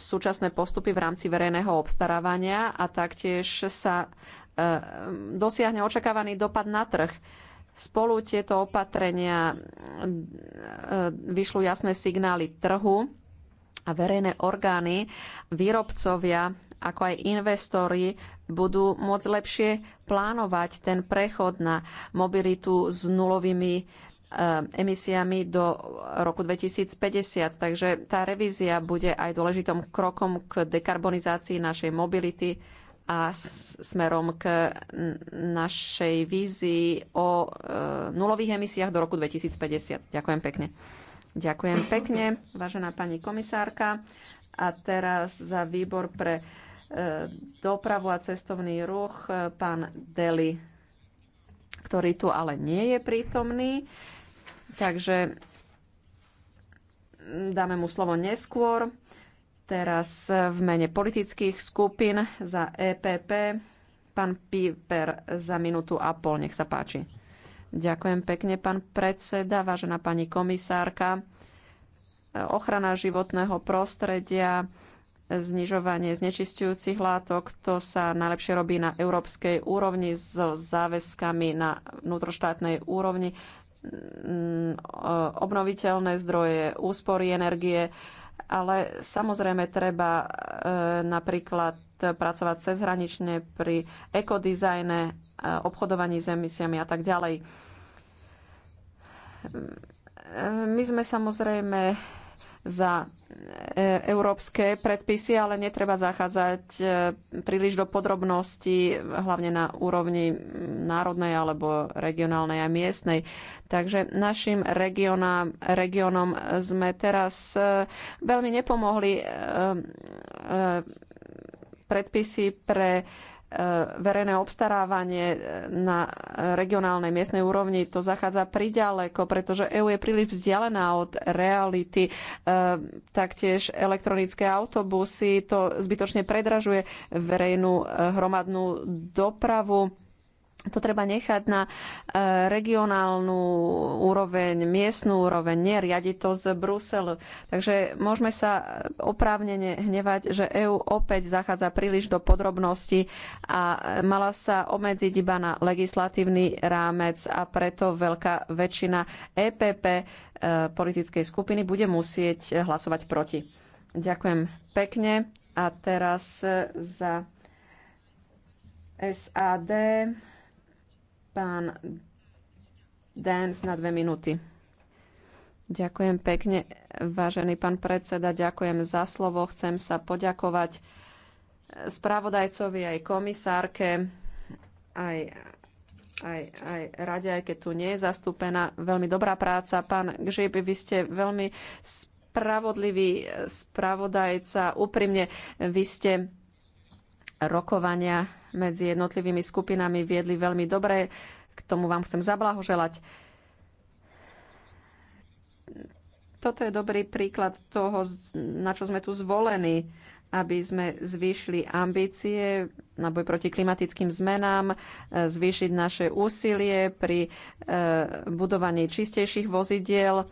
súčasné postupy v rámci verejného obstarávania a taktiež sa e, dosiahne očakávaný dopad na trh. Spolu tieto opatrenia e, vyšľú jasné signály trhu a verejné orgány, výrobcovia, ako aj investori budú môcť lepšie plánovať ten prechod na mobilitu s nulovými Eh, emisiami do roku 2050. Takže tá revízia bude aj dôležitým krokom k dekarbonizácii našej mobility a smerom k našej vízii o eh, nulových emisiách do roku 2050. Ďakujem pekne. Ďakujem pekne, vážená pani komisárka. A teraz za výbor pre eh, dopravu a cestovný ruch pán Deli, ktorý tu ale nie je prítomný. Takže dáme mu slovo neskôr. Teraz v mene politických skupín za EPP pán Piper za minútu a pol. Nech sa páči. Ďakujem pekne, pán predseda, vážená pani komisárka. Ochrana životného prostredia, znižovanie znečistujúcich látok, to sa najlepšie robí na európskej úrovni so záväzkami na vnútroštátnej úrovni Mm, obnoviteľné zdroje, úspory energie, ale samozrejme treba e, napríklad pracovať cezhranične pri ekodizajne, e, obchodovaní s emisiami a tak ďalej. E, my sme samozrejme za e, európske predpisy, ale netreba zachádzať e, príliš do podrobností, hlavne na úrovni národnej alebo regionálnej a miestnej. Takže našim regionám, regionom sme teraz e, veľmi nepomohli predpisy pre E, verejné obstarávanie e, na regionálnej miestnej úrovni to zachádza priďaleko, pretože EU je príliš vzdialená od reality. E, taktiež elektronické autobusy to zbytočne predražuje verejnú hromadnú dopravu to treba nechať na e, regionálnu úroveň, miestnú úroveň, nie riadiť to z Bruselu. Takže môžeme sa oprávnene hnevať, že EÚ opäť zachádza príliš do podrobností a mala sa obmedziť iba na legislatívny rámec a preto veľká väčšina EPP e, politickej skupiny bude musieť hlasovať proti. Ďakujem pekne a teraz za SAD Pán Dance na dve minúty. Ďakujem pekne, vážený pán predseda, ďakujem za slovo. Chcem sa poďakovať spravodajcovi aj komisárke, aj, aj, aj rade, aj keď tu nie je zastúpená. Veľmi dobrá práca. Pán Gžib, vy ste veľmi spravodlivý spravodajca. Úprimne, vy ste rokovania medzi jednotlivými skupinami viedli veľmi dobre. K tomu vám chcem zablahoželať. Toto je dobrý príklad toho, na čo sme tu zvolení, aby sme zvýšili ambície na boj proti klimatickým zmenám, e, zvýšiť naše úsilie pri e, budovaní čistejších vozidiel e,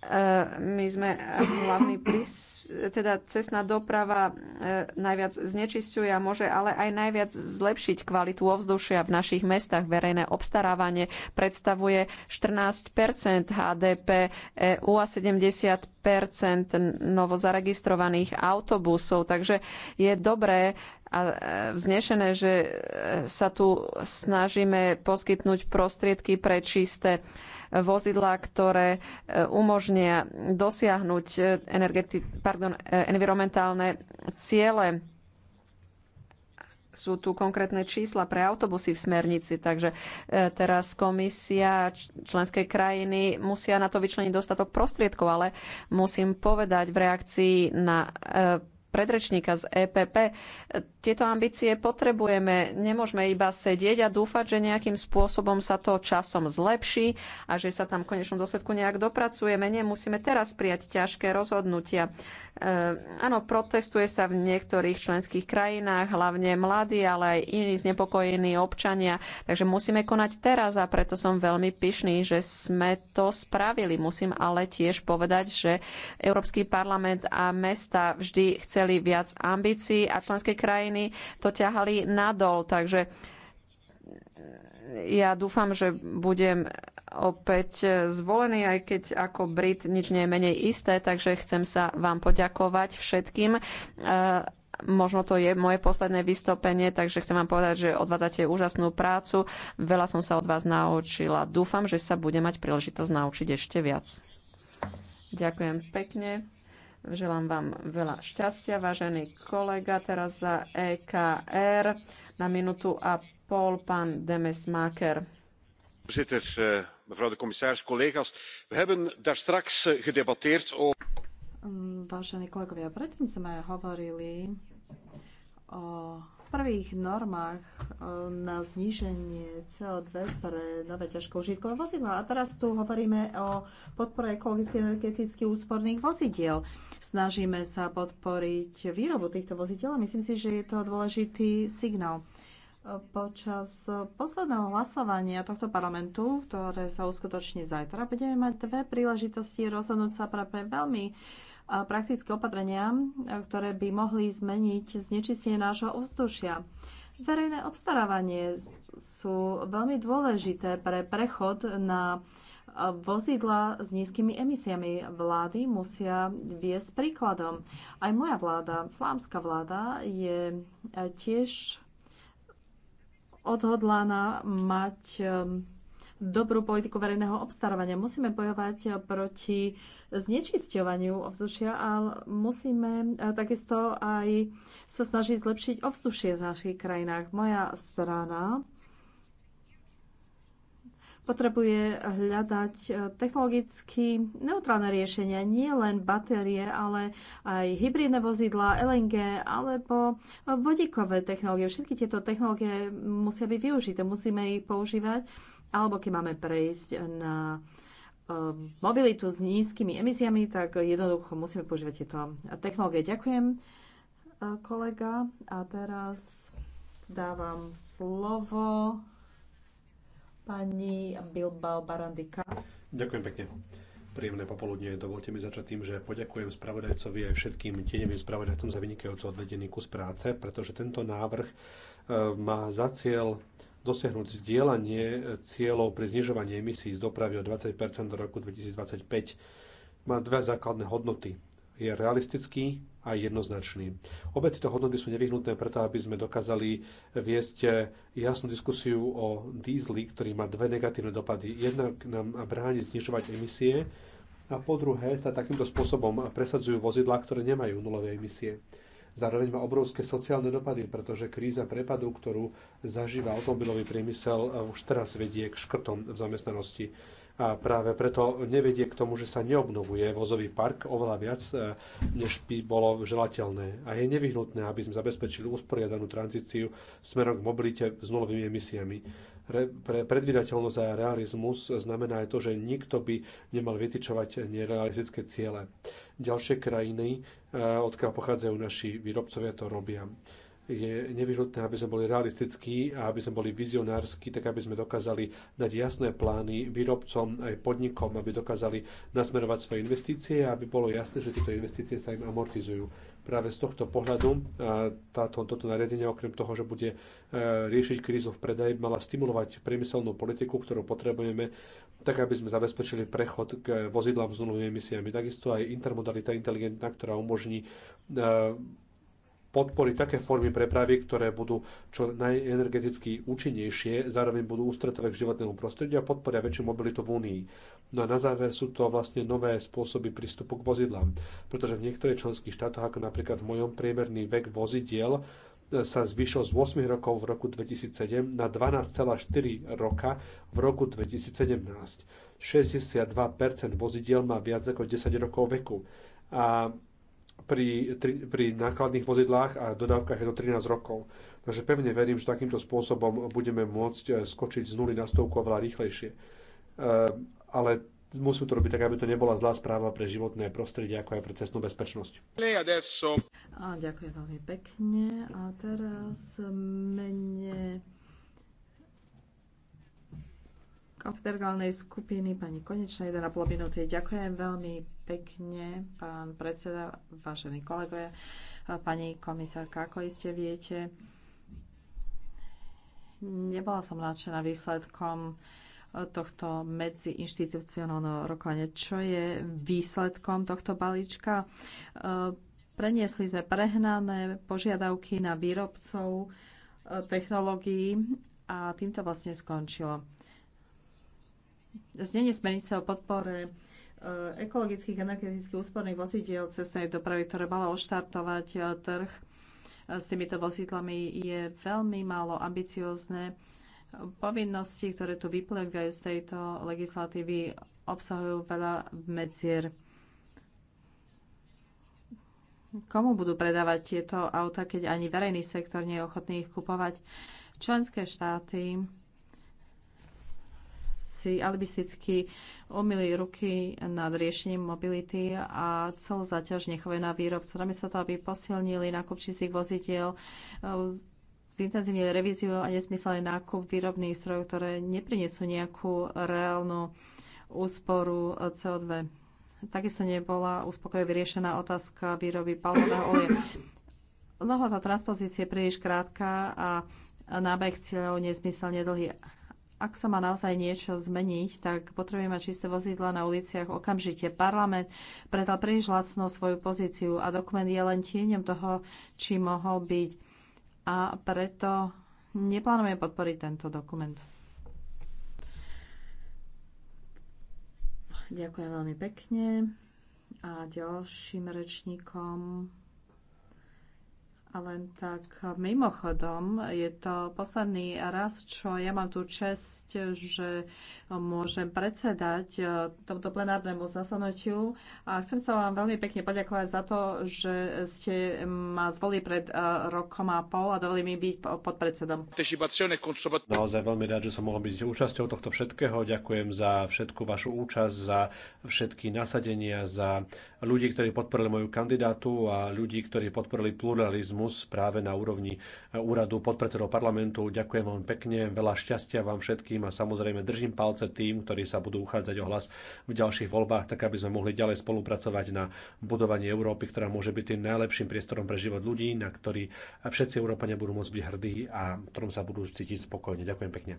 Eh, my sme hlavný prís, teda cestná doprava eh, najviac znečisťuje a môže ale aj najviac zlepšiť kvalitu ovzdušia v našich mestách. Verejné obstarávanie predstavuje 14 HDP EU a 70 novozaregistrovaných autobusov. Takže je dobré a eh, vznešené, že sa tu snažíme poskytnúť prostriedky pre čisté vozidlá, ktoré e, umožnia dosiahnuť e, pardon, e, environmentálne ciele sú tu konkrétne čísla pre autobusy v smernici, takže teraz komisia, členské krajiny musia na to vyčleniť dostatok prostriedkov, ale musím povedať v reakcii na predrečníka z EPP. Tieto ambície potrebujeme. Nemôžeme iba sedieť a dúfať, že nejakým spôsobom sa to časom zlepší a že sa tam v konečnom dôsledku nejak dopracujeme. Nie, musíme teraz prijať ťažké rozhodnutia. E, áno, protestuje sa v niektorých členských krajinách, hlavne mladí, ale aj iní znepokojení občania. Takže musíme konať teraz a preto som veľmi pyšný, že sme to spravili. Musím ale tiež povedať, že Európsky parlament a mesta vždy chce chceli viac ambícií a členské krajiny to ťahali nadol. Takže ja dúfam, že budem opäť zvolený, aj keď ako Brit nič nie je menej isté, takže chcem sa vám poďakovať všetkým. E, možno to je moje posledné vystúpenie, takže chcem vám povedať, že odvádzate úžasnú prácu. Veľa som sa od vás naučila. Dúfam, že sa bude mať príležitosť naučiť ešte viac. Ďakujem pekne. Želám vám veľa šťastia, vážený kolega. Teraz za EKR na minútu a pol pán Demesmaker. Voorzitter, eh, mevrouw de commissaris, collega's. We hebben daar straks eh, gedebatteerd over... Vážení kolegovia, predtým sme hovorili o prvých normách e, na zníženie CO2 pre nové ťažké užitkové vozidla. A teraz tu hovoríme o podpore ekologicky energeticky úsporných vozidiel. Snažíme sa podporiť výrobu týchto vozidiel a myslím si, že je to dôležitý signál. E, počas posledného hlasovania tohto parlamentu, ktoré sa uskutoční zajtra, budeme mať dve príležitosti rozhodnúť sa pre veľmi uh, praktické opatrenia, ktoré by mohli zmeniť znečistenie nášho ovzdušia. Verejné obstarávanie sú veľmi dôležité pre prechod na vozidla s nízkymi emisiami. Vlády musia viesť príkladom. Aj moja vláda, flámska vláda, je tiež odhodlaná mať dobrú politiku verejného obstarávania. Musíme bojovať proti znečisťovaniu ovzdušia a musíme e, takisto aj sa snažiť zlepšiť ovzdušie v našich krajinách. Moja strana potrebuje hľadať e, technologicky neutrálne riešenia, nie len batérie, ale aj hybridné vozidla, LNG alebo vodíkové technológie. Všetky tieto technológie musia byť využité, musíme ich používať alebo keď máme prejsť na e, mobilitu s nízkymi emisiami, tak jednoducho musíme používať tieto technológie. Ďakujem, e, kolega. A teraz dávam slovo pani Bilbao Barandika. Ďakujem pekne. Príjemné popoludne. Dovolte mi začať tým, že poďakujem spravodajcovi aj všetkým tieňovým spravodajcom za vynikajúco odvedený kus práce, pretože tento návrh e, má za cieľ dosiahnuť zdieľanie cieľov pri znižovaní emisí z dopravy o 20 do roku 2025. Má dve základné hodnoty. Je realistický a jednoznačný. Obe tieto hodnoty sú nevyhnutné preto, aby sme dokázali viesť jasnú diskusiu o dízli, ktorý má dve negatívne dopady. Jednak nám bráni znižovať emisie a po druhé sa takýmto spôsobom presadzujú vozidlá, ktoré nemajú nulové emisie. Zároveň má obrovské sociálne dopady, pretože kríza prepadu, ktorú zažíva automobilový priemysel, eh, už teraz vedie k škrtom v zamestnanosti. A práve preto nevedie k tomu, že sa neobnovuje vozový park oveľa viac, eh, než by bolo želateľné. A je nevyhnutné, aby sme zabezpečili usporiadanú tranzíciu smerom k mobilite s nulovými emisiami. Re, pre predvydateľnosť a realizmus znamená aj to, že nikto by nemal vytičovať nerealistické ciele. Ďalšie krajiny odkiaľ pochádzajú naši výrobcovia, to robia. Je nevyhnutné, aby sme boli realistickí a aby sme boli vizionársky, tak aby sme dokázali dať jasné plány výrobcom aj podnikom, aby dokázali nasmerovať svoje investície a aby bolo jasné, že tieto investície sa im amortizujú. Práve z tohto pohľadu táto, toto nariadenie, okrem toho, že bude e, riešiť krízu v predaji, mala stimulovať priemyselnú politiku, ktorú potrebujeme tak aby sme zabezpečili prechod k vozidlám s nulovými emisiami. Takisto aj intermodalita inteligentná, ktorá umožní e, podporiť také formy prepravy, ktoré budú čo najenergeticky účinnejšie, zároveň budú ústretové k životnému prostrediu a podporia väčšiu mobilitu v Únii. No a na záver sú to vlastne nové spôsoby prístupu k vozidlám, pretože v niektorých členských štátoch, ako napríklad v mojom priemerný vek vozidiel, sa zvýšil z 8 rokov v roku 2007 na 12,4 roka v roku 2017. 62% vozidiel má viac ako 10 rokov veku a pri, tri, pri nákladných vozidlách a dodávkach je to 13 rokov. Takže pevne verím, že takýmto spôsobom budeme môcť eh, skočiť z nuly na stovku oveľa rýchlejšie. Eh, ale musíme to robiť tak, aby to nebola zlá správa pre životné prostredie, ako aj pre cestnú bezpečnosť. A ďakujem veľmi pekne. A teraz mene konfederálnej skupiny pani Konečná 1,5 minúty. Ďakujem veľmi pekne, pán predseda, vážení kolegovia, pani komisárka, ako iste viete. Nebola som nadšená výsledkom tohto medziinštitucionálneho rokovania. Čo je výsledkom tohto balíčka? E, preniesli sme prehnané požiadavky na výrobcov e, technológií a týmto vlastne skončilo. Znenie smernice o podpore e, ekologických energetických úsporných vozidiel cestnej dopravy, ktoré malo oštartovať trh s týmito vozidlami, je veľmi málo ambiciozne Povinnosti, ktoré tu vyplývajú z tejto legislatívy, obsahujú veľa medzier. Komu budú predávať tieto auta, keď ani verejný sektor nie je ochotný ich kupovať? Členské štáty si alibisticky umýli ruky nad riešením mobility a celú zaťaž nechajú na výrobcu. sa to, aby posilnili nákup čistých vozidiel, zintenzívne revíziu a nesmyselný nákup výrobných strojov, ktoré neprinesú nejakú reálnu úsporu CO2. Takisto nebola uspokojivo vyriešená otázka výroby palmového oleja. Lehota transpozície je príliš krátka a nábeh cieľov nezmyselne dlhý. Ak sa má naozaj niečo zmeniť, tak potrebujeme čisté vozidla na uliciach okamžite. Parlament predal príliš lacno svoju pozíciu a dokument je len tieňom toho, či mohol byť a preto neplánujem podporiť tento dokument. Ďakujem veľmi pekne. A ďalším rečníkom a len tak e, mimochodom, je to posledný raz, čo ja mám tú čest, že môžem predsedať e, tomuto plenárnemu zasadnutiu. A chcem sa vám veľmi pekne poďakovať za to, že ste ma zvolili pred e, rokom a pol a dovolili mi byť podpredsedom. Naozaj veľmi rád, že som mohol byť účasťou tohto všetkého. Ďakujem za všetku vašu účasť, za všetky nasadenia, za ľudí, ktorí podporili moju kandidátu a ľudí, ktorí podporili pluralizmu Erasmus práve na úrovni eh, úradu podpredsedov parlamentu. Ďakujem vám pekne, veľa šťastia vám všetkým a samozrejme držím palce tým, ktorí sa budú uchádzať o hlas v ďalších voľbách, tak aby sme mohli ďalej spolupracovať na budovanie Európy, ktorá môže byť tým najlepším priestorom pre život ľudí, na ktorý všetci Európania budú môcť byť hrdí a ktorom sa budú cítiť spokojne. Ďakujem pekne.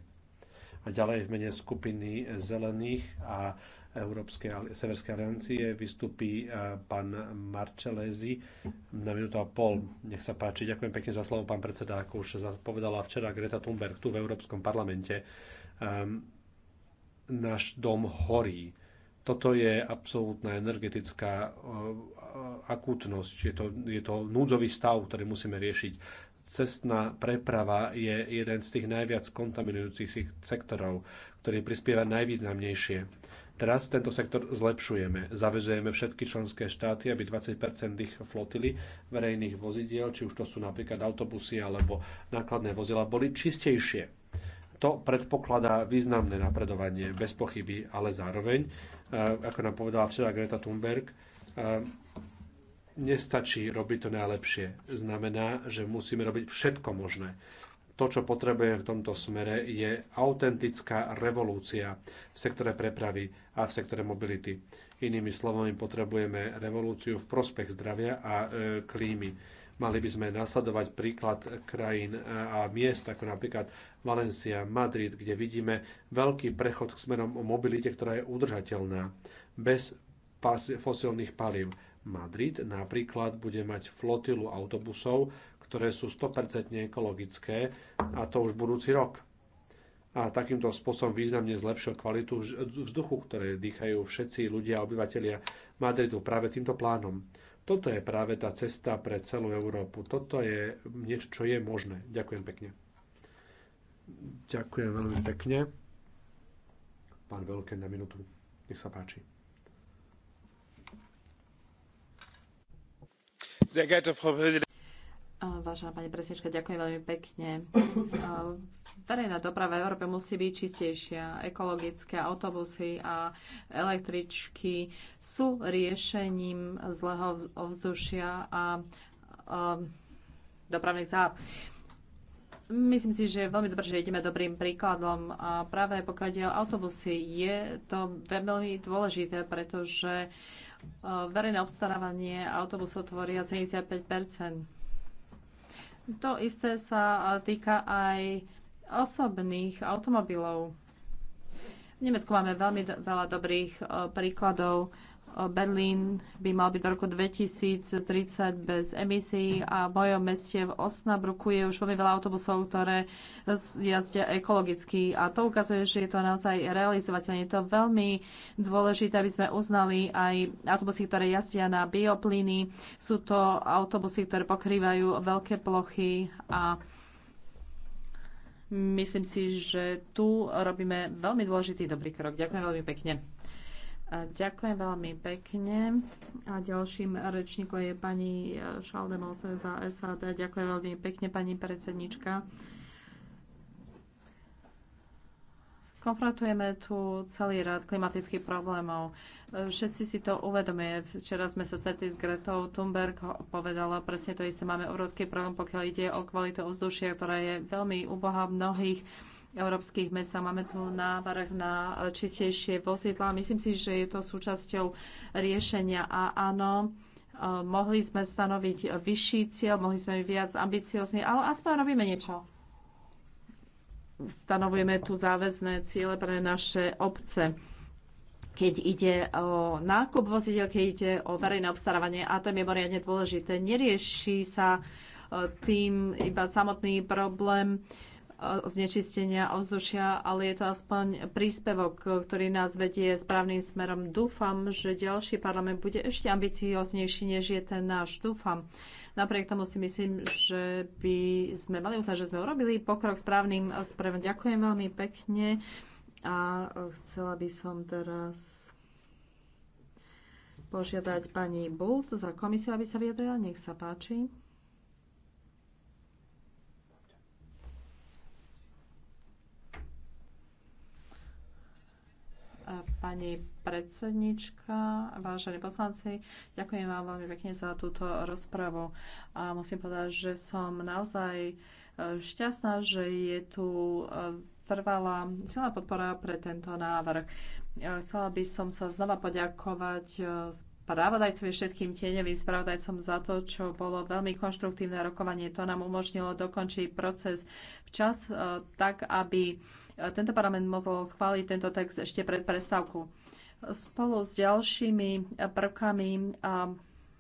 A ďalej v mene skupiny zelených a Európskej Severskej aliancie vystupí pán Marčelezi na minútu a pol. Nech sa páči. Ďakujem pekne za slovo, pán predseda. Ako už povedala včera Greta Thunberg tu v Európskom parlamente, um, náš dom horí. Toto je absolútna energetická akútnosť. Je to, je to núdzový stav, ktorý musíme riešiť. Cestná preprava je jeden z tých najviac kontaminujúcich sektorov, ktorý prispieva najvýznamnejšie Teraz tento sektor zlepšujeme. Zavezujeme všetky členské štáty, aby 20 ich flotily verejných vozidiel, či už to sú napríklad autobusy alebo nákladné vozidla, boli čistejšie. To predpokladá významné napredovanie, bez pochyby, ale zároveň, eh, ako nám povedala včera Greta Thunberg, eh, nestačí robiť to najlepšie. Znamená, že musíme robiť všetko možné to, čo potrebujeme v tomto smere, je autentická revolúcia v sektore prepravy a v sektore mobility. Inými slovami, potrebujeme revolúciu v prospech zdravia a e, klímy. Mali by sme nasledovať príklad krajín a miest, ako napríklad Valencia, Madrid, kde vidíme veľký prechod k smerom o mobilite, ktorá je udržateľná, bez fosilných palív. Madrid napríklad bude mať flotilu autobusov, ktoré sú 100% ekologické a to už budúci rok. A takýmto spôsobom významne zlepšil kvalitu vzduchu, ktoré dýchajú všetci ľudia a obyvateľia Madridu práve týmto plánom. Toto je práve tá cesta pre celú Európu. Toto je niečo, čo je možné. Ďakujem pekne. Ďakujem veľmi pekne. Pán Veľké na minútu. Nech sa páči. Sehr geehrte Frau Präsidentin! Vážená pani presnička, ďakujem veľmi pekne. Verejná doprava v Európe musí byť čistejšia. Ekologické autobusy a električky sú riešením zlého ovzdušia a dopravných záp. Myslím si, že je veľmi dobré, že ideme dobrým príkladom a práve pokiaľ ide o autobusy, je to veľmi dôležité, pretože verejné obstarávanie autobusov tvoria 75 to isté sa týka aj osobných automobilov. V Nemecku máme veľmi veľa dobrých príkladov Berlín by mal byť do roku 2030 bez emisí a v mojom meste v Osnabruku je už veľmi veľa autobusov, ktoré jazdia ekologicky a to ukazuje, že je to naozaj realizovateľné. Je to veľmi dôležité, aby sme uznali aj autobusy, ktoré jazdia na bioplyny. Sú to autobusy, ktoré pokrývajú veľké plochy a myslím si, že tu robíme veľmi dôležitý dobrý krok. Ďakujem veľmi pekne. Ďakujem veľmi pekne. A ďalším rečníkom je pani e, Šaldemose za SAD. Ďakujem veľmi pekne, pani predsednička. Konfrontujeme tu celý rad klimatických problémov. E, Všetci si to uvedomuje. Včera sme sa stretli s Gretou Thunberg, povedala presne to isté. Máme obrovský problém, pokiaľ ide o kvalitu ovzdušia, ktorá je veľmi ubohá v mnohých európskych mesa. Máme tu návrh na čistejšie vozidla. Myslím si, že je to súčasťou riešenia. A áno, e, mohli sme stanoviť vyšší cieľ, mohli sme byť viac ambiciozní, ale aspoň robíme niečo. Stanovujeme tu záväzné ciele pre naše obce keď ide o nákup vozidel, keď ide o verejné obstarávanie a to je mimoriadne dôležité. Nerieši sa e, tým iba samotný problém znečistenia ovzdušia, ale je to aspoň príspevok, ktorý nás vedie správnym smerom. Dúfam, že ďalší parlament bude ešte ambicioznejší, než je ten náš. Dúfam. Napriek tomu si myslím, že by sme mali uznať, že sme urobili pokrok správnym smerom. Ďakujem veľmi pekne a chcela by som teraz požiadať pani Bulc za komisiu, aby sa vyjadrila. Nech sa páči. pani predsednička, vážení poslanci, ďakujem vám veľmi pekne za túto rozpravu. A musím povedať, že som naozaj e, šťastná, že je tu e, trvala silná podpora pre tento návrh. E, chcela by som sa znova poďakovať spravodajcovi, všetkým tieňovým spravodajcom za to, čo bolo veľmi konštruktívne rokovanie. To nám umožnilo dokončiť proces včas, tak aby tento parlament mohol schváliť tento text ešte pred prestávku. Spolu s ďalšími prvkami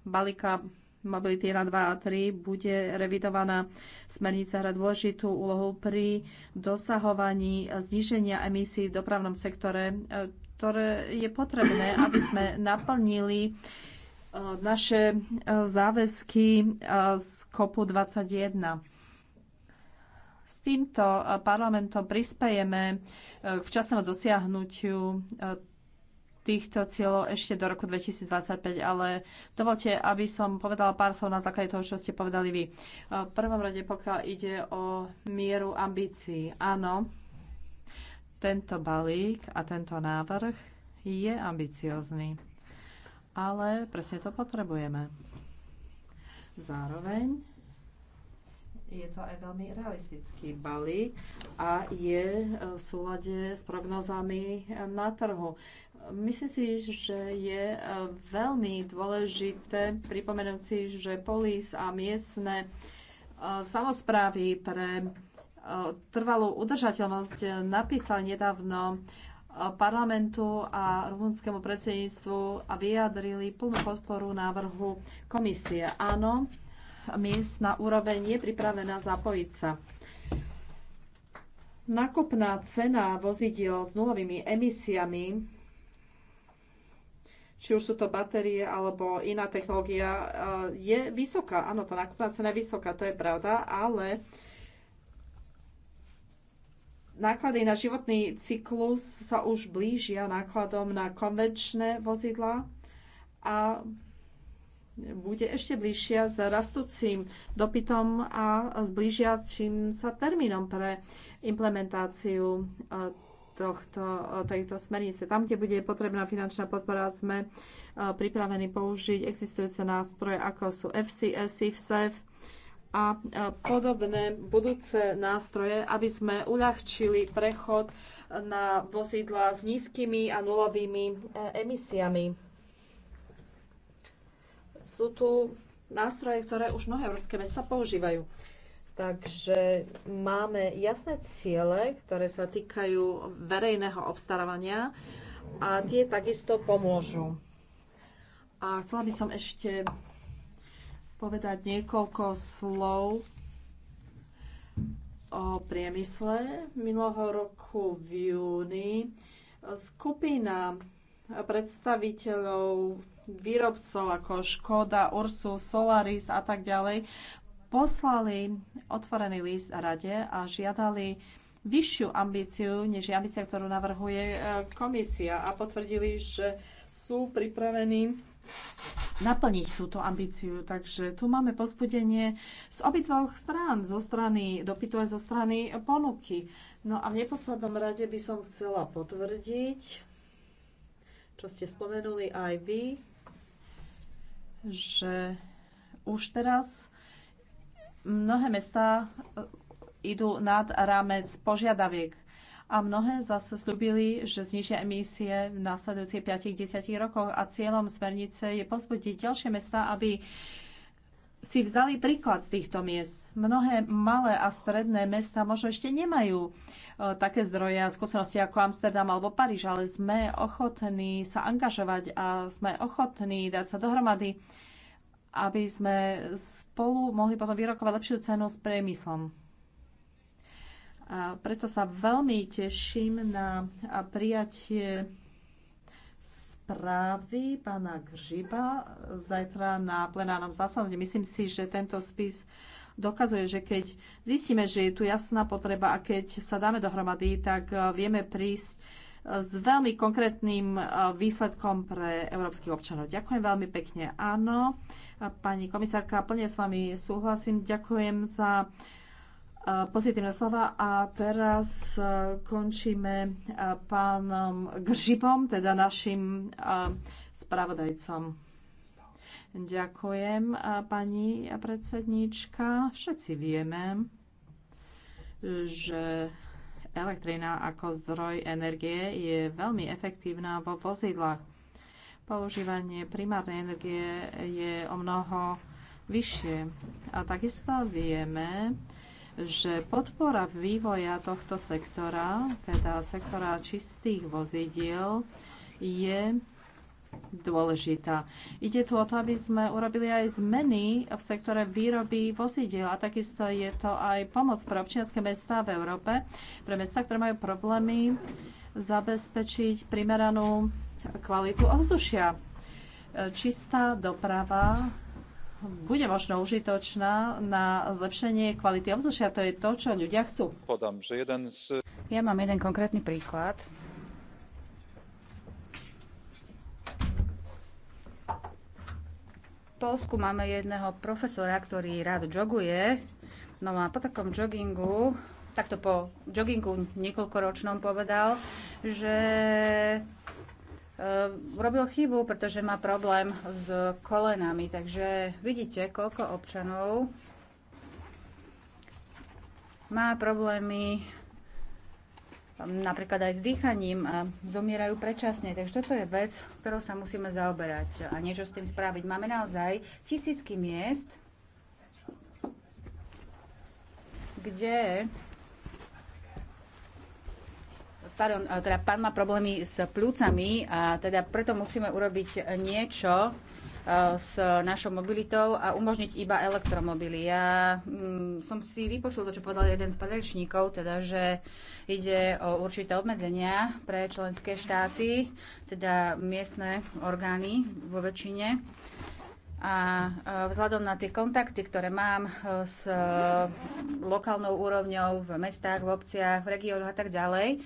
balíka Mobility 1, 2 a 3 bude revidovaná smernica hra dôležitú úlohu pri dosahovaní zníženia emisí v dopravnom sektore, ktoré je potrebné, aby sme naplnili e, naše e, záväzky e, z COP21. S týmto eh, parlamentom prispejeme eh, k včasnému dosiahnutiu eh, týchto cieľov ešte do roku 2025, ale dovolte, aby som povedala pár slov na základe toho, čo ste povedali vy. V prvom rade, pokiaľ ide o mieru ambícií, áno, tento balík a tento návrh je ambiciózny, ale presne to potrebujeme. Zároveň je to aj veľmi realistický balík a je e, v súlade s prognozami e, na trhu. Myslím si, že je e, veľmi dôležité pripomenúť si, že polis a miestne samozprávy pre trvalú udržateľnosť napísali nedávno parlamentu a rumunskému predsedníctvu a vyjadrili plnú podporu návrhu komisie. Áno, Miest na úroveň je pripravená zapojiť sa. Nakupná cena vozidiel s nulovými emisiami, či už sú to batérie alebo iná technológia, eh, je vysoká. Áno, tá nakupná cena je vysoká, to je pravda, ale náklady na životný cyklus sa už blížia nákladom na konvenčné vozidlá a bude ešte bližšia s rastúcim dopytom a zblížiacim sa termínom pre implementáciu e, tohto, e, tejto smernice. Tam, kde bude potrebná finančná podpora, sme e, pripravení použiť existujúce nástroje, ako sú FCS, FSEF a podobné budúce nástroje, aby sme uľahčili prechod na vozidla s nízkymi a nulovými emisiami sú tu nástroje, ktoré už mnohé európske mesta používajú. Takže máme jasné ciele, ktoré sa týkajú verejného obstarávania a tie takisto pomôžu. A chcela by som ešte povedať niekoľko slov o priemysle. Minulého roku v júni skupina predstaviteľov výrobcov ako Škoda, Ursus, Solaris a tak ďalej poslali otvorený list rade a žiadali vyššiu ambíciu, než je ambícia, ktorú navrhuje e, komisia a potvrdili, že sú pripravení naplniť túto ambíciu. Takže tu máme pospudenie z obidvoch strán, zo strany dopytu a zo strany ponuky. No a v neposlednom rade by som chcela potvrdiť, čo ste spomenuli aj vy, že už teraz mnohé mesta eh, idú nad rámec požiadaviek a mnohé zase slúbili, že znižia emisie v následujúcich 5-10 rokoch a cieľom smernice je pozbudiť ďalšie mesta, aby si vzali príklad z týchto miest. Mnohé malé a stredné mesta možno ešte nemajú e, také zdroje a skúsenosti ako Amsterdam alebo Paríž, ale sme ochotní sa angažovať a sme ochotní dať sa dohromady, aby sme spolu mohli potom vyrokovať lepšiu cenu s priemyslom. A preto sa veľmi teším na prijatie správy pána Gržiba zajtra na plenárnom zásadne. Myslím si, že tento spis dokazuje, že keď zistíme, že je tu jasná potreba a keď sa dáme dohromady, tak eh, vieme prísť eh, s veľmi konkrétnym eh, výsledkom pre európskych občanov. Ďakujem veľmi pekne. Áno, pani komisárka, plne s vami súhlasím. Ďakujem za Eh, pozitívne slova a teraz eh, končíme eh, pánom Gržibom, teda našim spravodajcom. Ďakujem, pani predsednička. Všetci vieme, že elektrina ako zdroj energie je veľmi efektívna vo vozidlách. Používanie primárnej energie je o mnoho vyššie. A takisto vieme, že podpora vývoja tohto sektora, teda sektora čistých vozidiel, je dôležitá. Ide tu o to, aby sme urobili aj zmeny v sektore výroby vozidiel a takisto je to aj pomoc pre občianské mestá v Európe, pre mestá, ktoré majú problémy zabezpečiť primeranú kvalitu ovzdušia. Čistá doprava bude možno užitočná na zlepšenie kvality ovzdušia. To je to, čo ľudia chcú. Podám, že jeden z... Ja mám jeden konkrétny príklad. V Polsku máme jedného profesora, ktorý rád joguje. No a po takom jogingu, takto po jogingu niekoľkoročnom povedal, že Ehm, robil chybu, pretože má problém s kolenami. Takže vidíte, koľko občanov má problémy ehm, napríklad aj s dýchaním a zomierajú predčasne. Takže toto je vec, ktorou sa musíme zaoberať a niečo s tým spraviť. Máme naozaj tisícky miest, kde pardon, teda pán má problémy s plúcami a teda preto musíme urobiť niečo e, s našou mobilitou a umožniť iba elektromobily. Ja mm, som si vypočul to, čo povedal jeden z padelčníkov, teda, že ide o určité obmedzenia pre členské štáty, teda miestne orgány vo väčšine. A e, vzhľadom na tie kontakty, ktoré mám e, s lokálnou úrovňou v mestách, v obciach, v regiónoch a tak ďalej,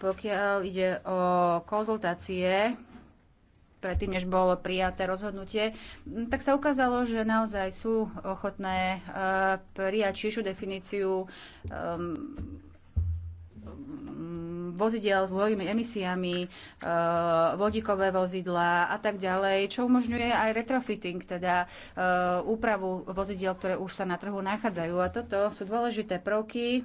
pokiaľ ide o konzultácie, predtým, než bolo prijaté rozhodnutie, tak sa ukázalo, že naozaj sú ochotné e, prijať širšiu definíciu vozidiel s dvojimi emisiami, e, vodíkové vozidla a tak ďalej, čo umožňuje aj retrofitting, teda e, úpravu vozidiel, ktoré už sa na trhu nachádzajú. A toto sú dôležité prvky,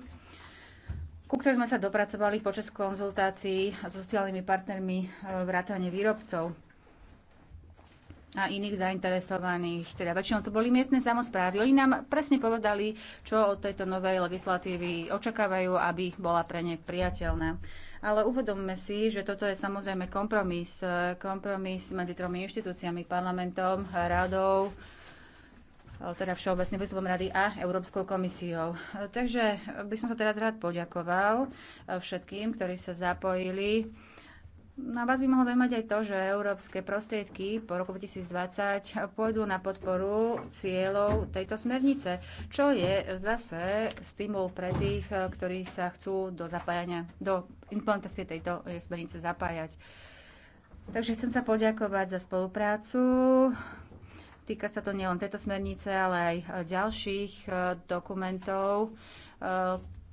ku ktorým sme sa dopracovali počas konzultácií s sociálnymi partnermi e, vrátane výrobcov a iných zainteresovaných. Teda väčšinou to boli miestne samozprávy. Oni nám presne povedali, čo od tejto novej legislatívy očakávajú, aby bola pre ne priateľná. Ale uvedomme si, že toto je samozrejme kompromis. E, kompromis medzi tromi inštitúciami, parlamentom, radou teda Všeobecným výzvom rady a Európskou komisiou. Takže by som sa teraz rád poďakoval všetkým, ktorí sa zapojili. Na no vás by mohlo zaujímať aj to, že európske prostriedky po roku 2020 pôjdu na podporu cieľov tejto smernice, čo je zase stimul pre tých, ktorí sa chcú do zapájania, do implementácie tejto smernice zapájať. Takže chcem sa poďakovať za spoluprácu Týka sa to nielen tejto smernice, ale aj e, ďalších e, dokumentov e,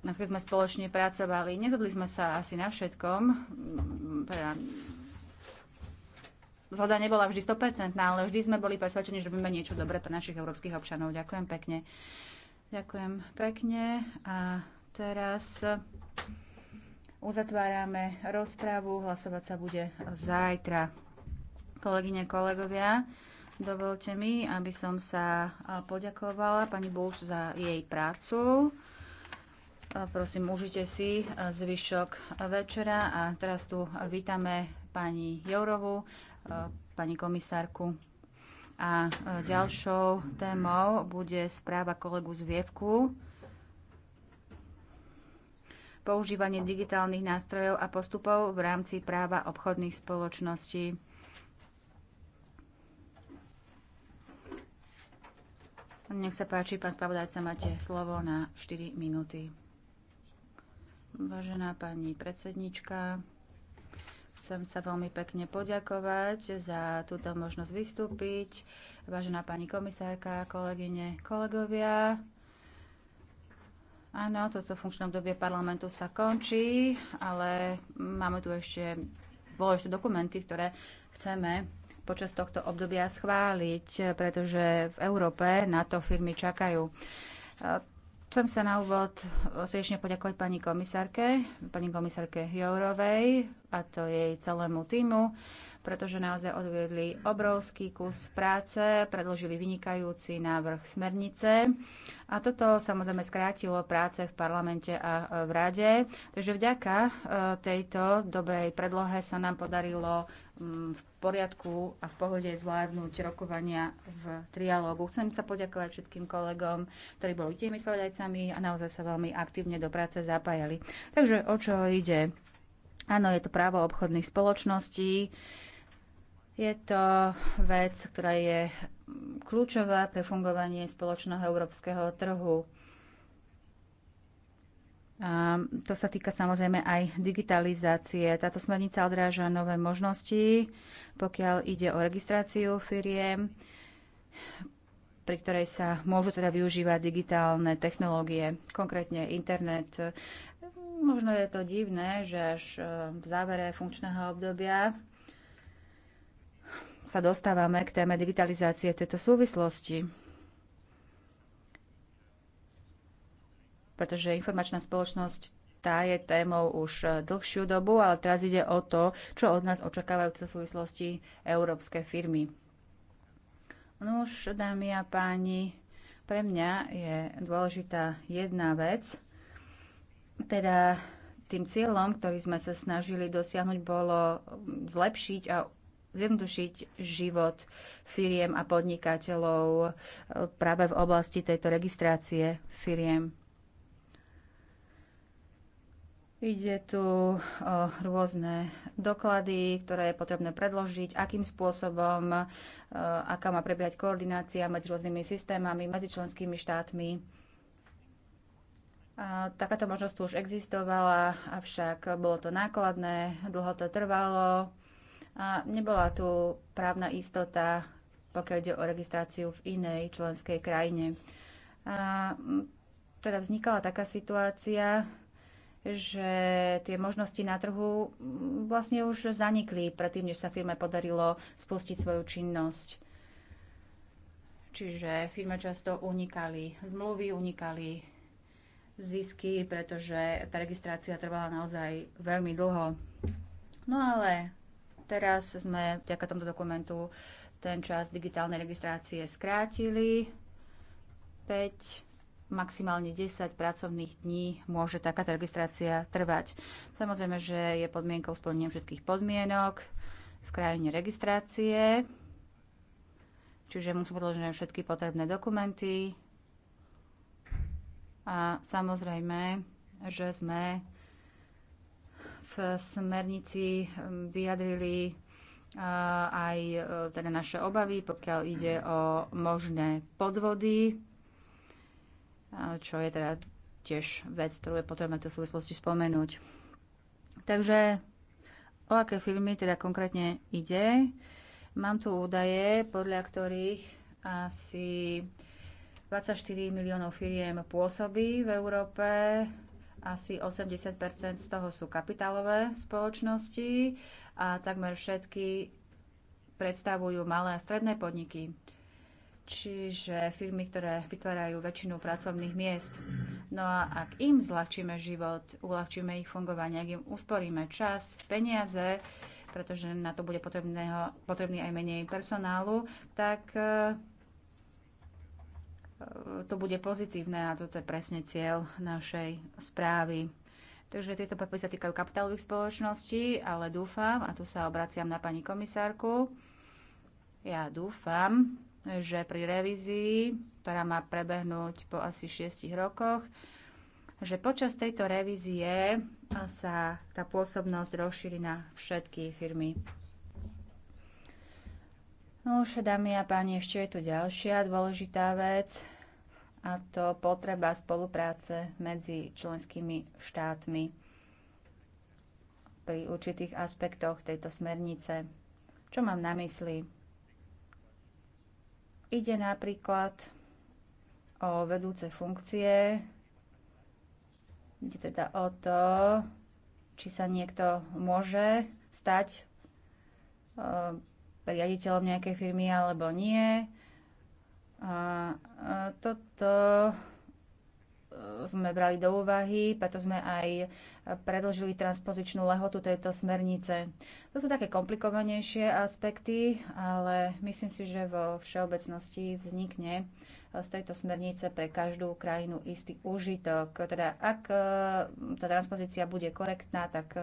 na ktorých sme spoločne pracovali. Nezhodli sme sa asi na všetkom. Mm, teda, zhoda nebola vždy 100%, ale vždy sme boli presvedčení, že robíme niečo dobré pre našich európskych občanov. Ďakujem pekne. Ďakujem pekne. A teraz uzatvárame rozprávu. Hlasovať sa bude zajtra. Kolegyne, kolegovia. Dovolte mi, aby som sa poďakovala pani Búš za jej prácu. Prosím, užite si zvyšok večera a teraz tu vítame pani Jourovu, pani komisárku. A ďalšou témou bude správa kolegu z Vievku používanie digitálnych nástrojov a postupov v rámci práva obchodných spoločností. Nech sa páči, pán spravodajca, máte slovo na 4 minúty. Vážená pani predsednička, chcem sa veľmi pekne poďakovať za túto možnosť vystúpiť. Vážená pani komisárka, kolegyne, kolegovia, Áno, toto funkčné obdobie parlamentu sa končí, ale máme tu ešte dôležité dokumenty, ktoré chceme počas tohto obdobia schváliť, pretože v Európe na to firmy čakajú. Chcem sa na úvod srdečne poďakovať pani komisárke, pani komisárke Jourovej a to jej celému týmu pretože naozaj odviedli obrovský kus práce, predložili vynikajúci návrh smernice a toto samozrejme skrátilo práce v parlamente a e, v rade. Takže vďaka e, tejto dobrej predlohe sa nám podarilo mm, v poriadku a v pohode zvládnuť rokovania v trialógu. Chcem sa poďakovať všetkým kolegom, ktorí boli tými spravodajcami a naozaj sa veľmi aktívne do práce zapájali. Takže o čo ide? Áno, je to právo obchodných spoločností je to vec, ktorá je kľúčová pre fungovanie spoločného európskeho trhu. A to sa týka samozrejme aj digitalizácie. Táto smernica odráža nové možnosti, pokiaľ ide o registráciu firiem, pri ktorej sa môžu teda využívať digitálne technológie, konkrétne internet. Možno je to divné, že až eh, v závere funkčného obdobia sa dostávame k téme digitalizácie v tejto súvislosti. Pretože informačná spoločnosť tá je témou už eh, dlhšiu dobu, ale teraz ide o to, čo od nás očakávajú v tejto súvislosti európske firmy. No už, dámy a páni, pre mňa je dôležitá jedna vec, teda tým cieľom, ktorý sme sa snažili dosiahnuť, bolo zlepšiť a zjednodušiť život firiem a podnikateľov e, práve v oblasti tejto registrácie firiem. Ide tu o rôzne doklady, ktoré je potrebné predložiť, akým spôsobom, e, aká má prebiehať koordinácia medzi rôznymi systémami, medzi členskými štátmi. A takáto možnosť tu už existovala, avšak bolo to nákladné, dlho to trvalo a nebola tu právna istota, pokiaľ ide o registráciu v inej členskej krajine. A teda vznikala taká situácia, že tie možnosti na trhu vlastne už zanikli predtým, než sa firme podarilo spustiť svoju činnosť. Čiže firme často unikali zmluvy, unikali zisky, pretože tá registrácia trvala naozaj veľmi dlho. No ale Teraz sme vďaka tomuto dokumentu ten čas digitálnej registrácie skrátili. 5, maximálne 10 pracovných dní môže takáto registrácia trvať. Samozrejme, že je podmienkou splnenia všetkých podmienok v krajine registrácie, čiže musí podložené všetky potrebné dokumenty a samozrejme, že sme v smernici um, vyjadrili uh, aj uh, teda naše obavy, pokiaľ ide o možné podvody, uh, čo je teda tiež vec, ktorú je potrebné v súvislosti spomenúť. Takže o aké filmy teda konkrétne ide? Mám tu údaje, podľa ktorých asi 24 miliónov firiem pôsobí v Európe, asi 80 z toho sú kapitálové spoločnosti a takmer všetky predstavujú malé a stredné podniky, čiže firmy, ktoré vytvárajú väčšinu pracovných miest. No a ak im zľahčíme život, uľahčíme ich fungovanie, ak im usporíme čas, peniaze, pretože na to bude potrebného, potrebný aj menej personálu, tak eh, to bude pozitívne a toto je presne cieľ našej správy. Takže tieto papiery sa týkajú kapitálových spoločností, ale dúfam, a tu sa obraciam na pani komisárku, ja dúfam, že pri revízii, ktorá má prebehnúť po asi 6 rokoch, že počas tejto revízie sa tá pôsobnosť rozšíri na všetky firmy. No už, dámy a páni, ešte je tu ďalšia dôležitá vec a to potreba spolupráce medzi členskými štátmi pri určitých aspektoch tejto smernice. Čo mám na mysli? Ide napríklad o vedúce funkcie, ide teda o to, či sa niekto môže stať eh, riaditeľom nejakej firmy alebo nie, a toto e, sme brali do úvahy, preto sme aj predlžili transpozičnú lehotu tejto smernice. To sú také komplikovanejšie aspekty, ale myslím si, že vo všeobecnosti vznikne z tejto smernice pre každú krajinu istý užitok. Teda ak e, tá transpozícia bude korektná, tak e,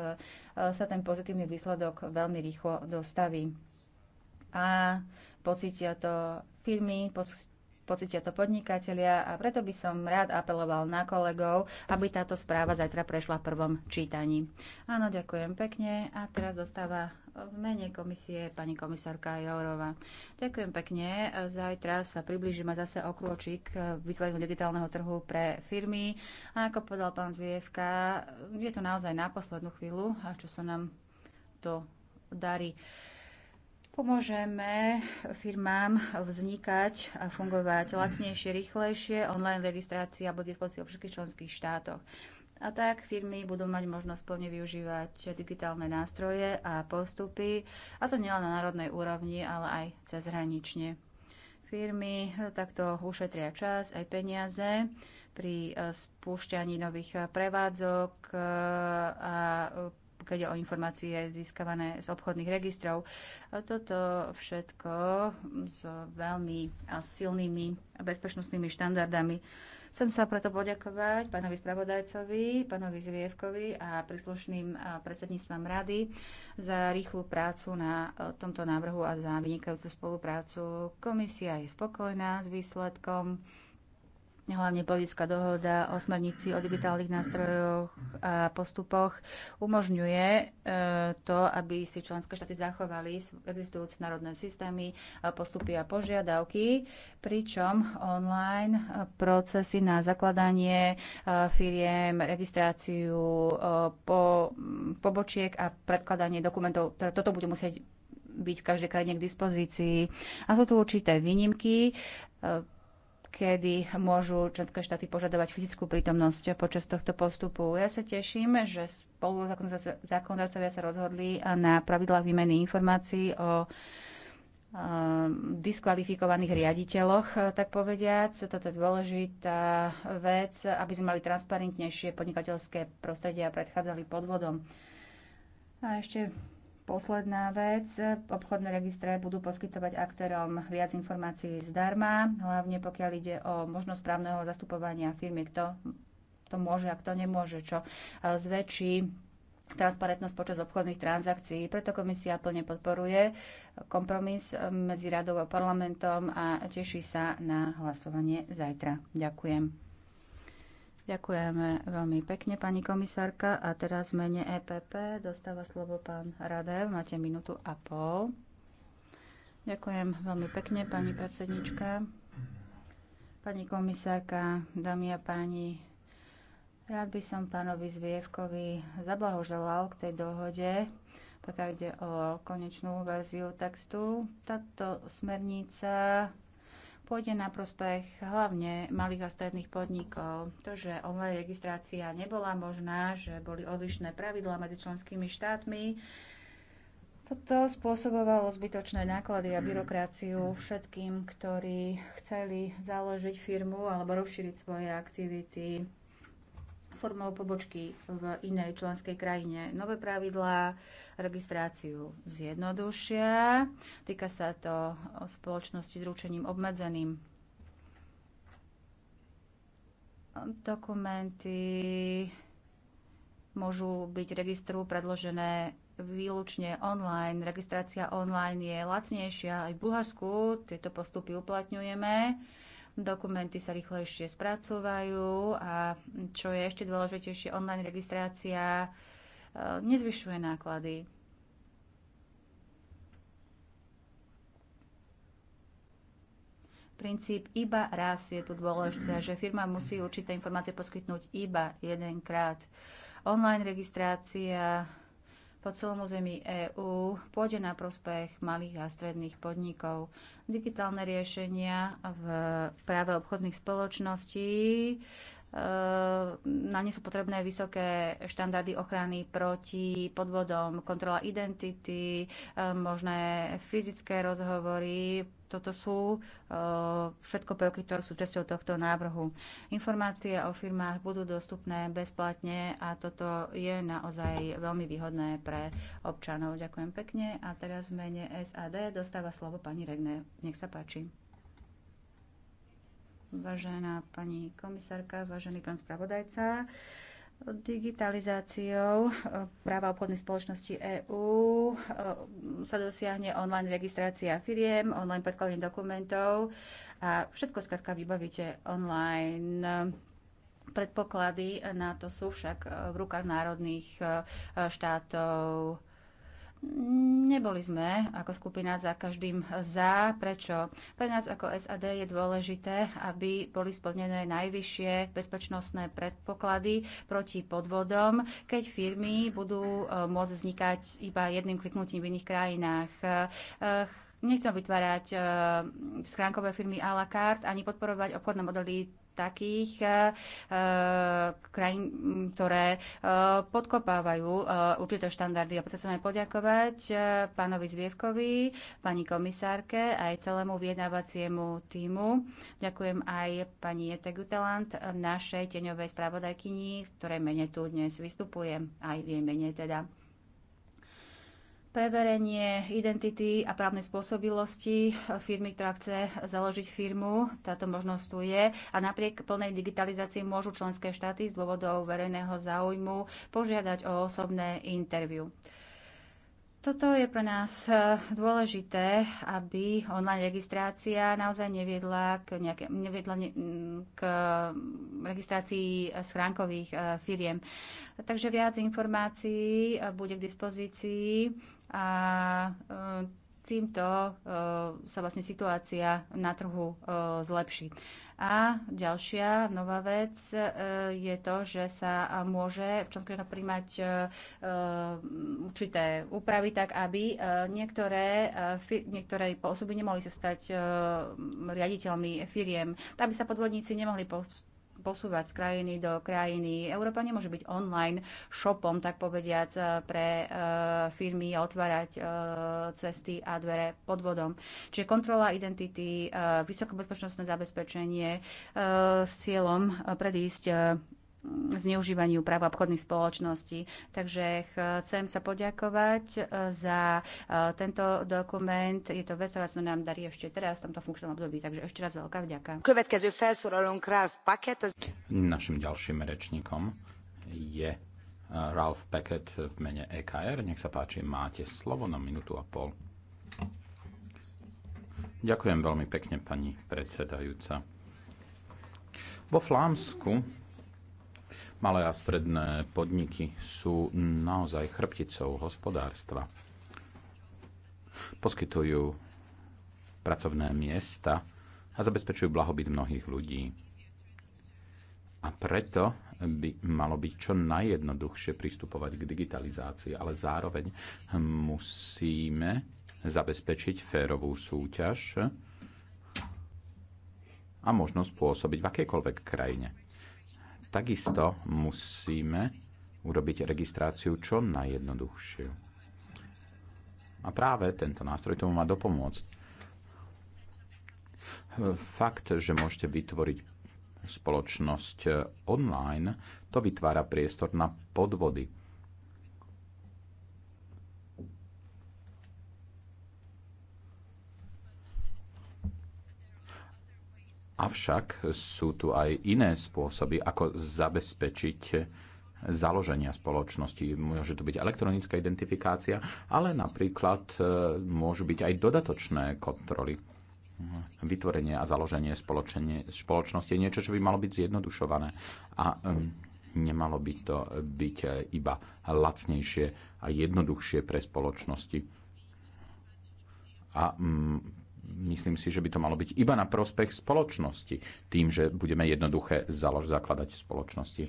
sa ten pozitívny výsledok veľmi rýchlo dostaví. A pocítia to firmy, pocítia to podnikatelia a preto by som rád apeloval na kolegov, aby táto správa zajtra prešla v prvom čítaní. Áno, ďakujem pekne a teraz dostáva v mene komisie pani komisárka Jourova. Ďakujem pekne. Zajtra sa približíme zase okrôčik vytvoreniu digitálneho trhu pre firmy. A ako povedal pán Zvievka, je to naozaj na poslednú chvíľu, čo sa nám to darí. Uh, Pomôžeme firmám vznikať a fungovať lacnejšie, rýchlejšie. Online registrácie alebo dispozície vo všetkých členských štátoch. A tak firmy budú mať možnosť plne využívať digitálne nástroje a postupy, a to nielen na národnej úrovni, ale aj cezhranične. Firmy takto ušetria čas aj peniaze pri eh, spúšťaní nových prevádzok eh, a keď ide o informácie získavané z obchodných registrov. Toto všetko s veľmi silnými bezpečnostnými štandardami. Chcem sa preto poďakovať pánovi spravodajcovi, pánovi Zvievkovi a príslušným predsedníctvom rady za rýchlu prácu na e, tomto návrhu a za vynikajúcu spoluprácu. Komisia je spokojná s výsledkom hlavne politická dohoda o smernici o digitálnych nástrojoch a postupoch umožňuje e, to, aby si členské štáty zachovali existujúce národné systémy, e, postupy a požiadavky, pričom online e, procesy na zakladanie firiem, registráciu po, pobočiek a predkladanie dokumentov, toto bude musieť byť v každej krajine k dispozícii. A sú tu určité výnimky kedy môžu členské štáty požadovať fyzickú prítomnosť počas tohto postupu. Ja sa teším, že spolu zákonodarcovia sa rozhodli na pravidlách výmeny informácií o diskvalifikovaných riaditeľoch, tak povediac. Toto je dôležitá vec, aby sme mali transparentnejšie podnikateľské prostredie a predchádzali podvodom. A ešte Posledná vec, obchodné registre budú poskytovať aktérom viac informácií zdarma, hlavne pokiaľ ide o možnosť právneho zastupovania firmy, kto to môže a kto nemôže, čo e, zväčší transparentnosť počas obchodných transakcií. Preto komisia plne podporuje kompromis e, medzi radou a parlamentom a teší sa na hlasovanie zajtra. Ďakujem. Ďakujeme veľmi pekne, pani komisárka. A teraz v mene EPP dostáva slovo pán Radev. Máte minútu a pol. Ďakujem veľmi pekne, pani predsednička. Pani komisárka, dámy a páni, rád by som pánovi Zvievkovi zablahoželal k tej dohode, pokiaľ ide o konečnú verziu textu. Táto smernica pôjde na prospech hlavne malých a stredných podnikov. To, že online registrácia nebola možná, že boli odlišné pravidlá medzi členskými štátmi, toto spôsobovalo zbytočné náklady a byrokraciu všetkým, ktorí chceli založiť firmu alebo rozšíriť svoje aktivity formou pobočky v inej členskej krajine. Nové pravidlá registráciu zjednodušia. Týka sa to spoločnosti s ručením obmedzeným. Dokumenty môžu byť registru predložené výlučne online. Registrácia online je lacnejšia. Aj v Bulharsku tieto postupy uplatňujeme. Dokumenty sa rýchlejšie spracovajú a čo je ešte dôležitejšie, online registrácia e, nezvyšuje náklady. Princíp iba raz je tu dôležité, že firma musí určité informácie poskytnúť iba jedenkrát. Online registrácia po celom území EÚ pôjde na prospech malých a stredných podnikov. Digitálne riešenia v práve obchodných spoločností Eh, na ne sú potrebné vysoké štandardy ochrany proti podvodom, kontrola identity, eh, možné fyzické rozhovory. Toto sú eh, všetko prvky, ktoré sú časťou tohto návrhu. Informácie o firmách budú dostupné bezplatne a toto je naozaj veľmi výhodné pre občanov. Ďakujem pekne. A teraz v mene SAD dostáva slovo pani Regner. Nech sa páči vážená pani komisárka, vážený pán spravodajca. Digitalizáciou e, práva obchodných spoločnosti EÚ e, sa dosiahne online registrácia firiem, online predkladanie dokumentov a všetko skladka vybavíte online. Predpoklady na to sú však v rukách národných e, štátov Neboli sme ako skupina za každým za. Prečo? Pre nás ako SAD je dôležité, aby boli splnené najvyššie bezpečnostné predpoklady proti podvodom, keď firmy budú e, môcť vznikať iba jedným kliknutím v iných krajinách. E, nechcem vytvárať e, schránkové firmy à la carte ani podporovať obchodné modely takých eh, eh, krajín, ktoré eh, podkopávajú určité štandardy. A preto chcem aj poďakovať pánovi Zvievkovi, pani komisárke aj celému vyjednávaciemu týmu. Ďakujem aj pani Jete Gutelant, našej teňovej spravodajkyni, v ktorej mene tu dnes vystupujem, aj v jej mene teda. Preverenie identity a právnej spôsobilosti firmy, ktorá chce založiť firmu, táto možnosť tu je. A napriek plnej digitalizácii môžu členské štáty z dôvodov verejného záujmu požiadať o osobné interviu. Toto je pre nás eh, dôležité, aby online registrácia naozaj neviedla k, nejaké, neviedla ne, k registrácii eh, schránkových eh, firiem. Takže viac informácií bude k dispozícii a týmto e, sa vlastne situácia na trhu e, zlepší. A ďalšia nová vec e, je to, že sa môže v čom príjmať určité úpravy tak, aby niektoré, niektoré osoby nemohli sa stať riaditeľmi firiem, aby sa podvodníci nemohli posúvať z krajiny do krajiny. Európa nemôže byť online shopom, tak povediac, eh, pre eh, firmy a otvárať eh, cesty a dvere pod vodom. Čiže kontrola identity, vysokobezpečnostné zabezpečenie s cieľom predísť zneužívaniu práv obchodných spoločností. Takže chcem sa poďakovať e, za e, tento dokument. Je to vec, ktorá sa nám darí ešte teraz v tomto funkčnom období. Takže ešte raz veľká vďaka. Našim ďalším rečníkom je e, Ralph Packett v mene EKR. Nech sa páči, máte slovo na minútu a pol. Ďakujem veľmi pekne, pani predsedajúca. Vo Flámsku Malé a stredné podniky sú naozaj chrbticou hospodárstva. Poskytujú pracovné miesta a zabezpečujú blahobyt mnohých ľudí. A preto by malo byť čo najjednoduchšie pristupovať k digitalizácii, ale zároveň musíme zabezpečiť férovú súťaž a možnosť pôsobiť v akejkoľvek krajine. Takisto musíme urobiť registráciu čo najjednoduchšiu. A práve tento nástroj tomu má dopomôcť. Fakt, že môžete vytvoriť spoločnosť online, to vytvára priestor na podvody Avšak sú tu aj iné spôsoby, ako zabezpečiť založenia spoločnosti. Môže to byť elektronická identifikácia, ale napríklad e, môžu byť aj dodatočné kontroly. Vytvorenie a založenie spoločnosti je niečo, čo by malo byť zjednodušované a e, nemalo by to byť iba lacnejšie a jednoduchšie pre spoločnosti. A myslím si, že by to malo byť iba na prospech spoločnosti, tým, že budeme jednoduché založ zakladať spoločnosti.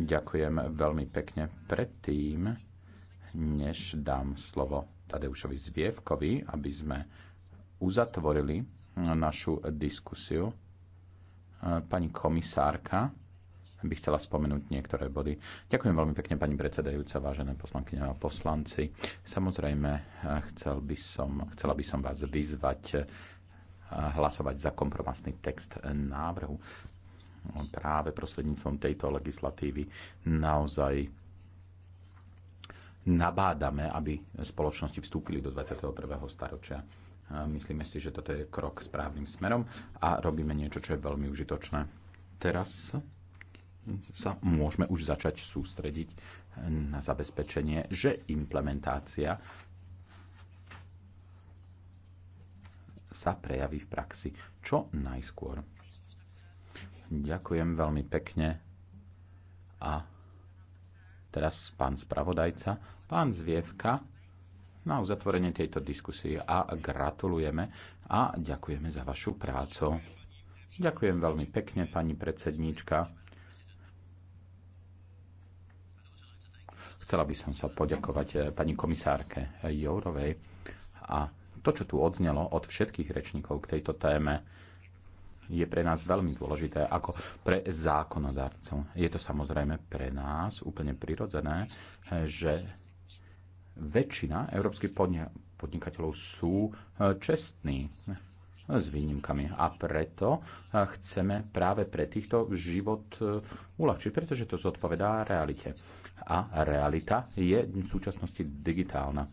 Ďakujem veľmi pekne. Predtým, než dám slovo Tadeušovi Zvievkovi, aby sme uzatvorili našu diskusiu, pani komisárka by chcela spomenúť niektoré body. Ďakujem veľmi pekne, pani predsedajúca, vážené poslankyne a poslanci. Samozrejme, chcel by som, chcela by som vás vyzvať eh, hlasovať za kompromisný text návrhu. Práve prostredníctvom tejto legislatívy naozaj nabádame, aby spoločnosti vstúpili do 21. storočia. Myslíme si, že toto je krok správnym smerom a robíme niečo, čo je veľmi užitočné. Teraz sa môžeme už začať sústrediť na zabezpečenie, že implementácia sa prejaví v praxi čo najskôr. Ďakujem veľmi pekne a teraz pán spravodajca, pán Zvievka na uzatvorenie tejto diskusie a gratulujeme a ďakujeme za vašu prácu. Ďakujem veľmi pekne, pani predsedníčka. Chcela by som sa poďakovať e, pani komisárke Jourovej a to, čo tu odznelo od všetkých rečníkov k tejto téme, je pre nás veľmi dôležité ako pre zákonodarcov. Je to samozrejme pre nás úplne prirodzené, e, že väčšina európskych podnikateľov sú e, čestní s výnimkami. A preto chceme práve pre týchto život uľahčiť, pretože to zodpovedá realite a realita je v súčasnosti digitálna.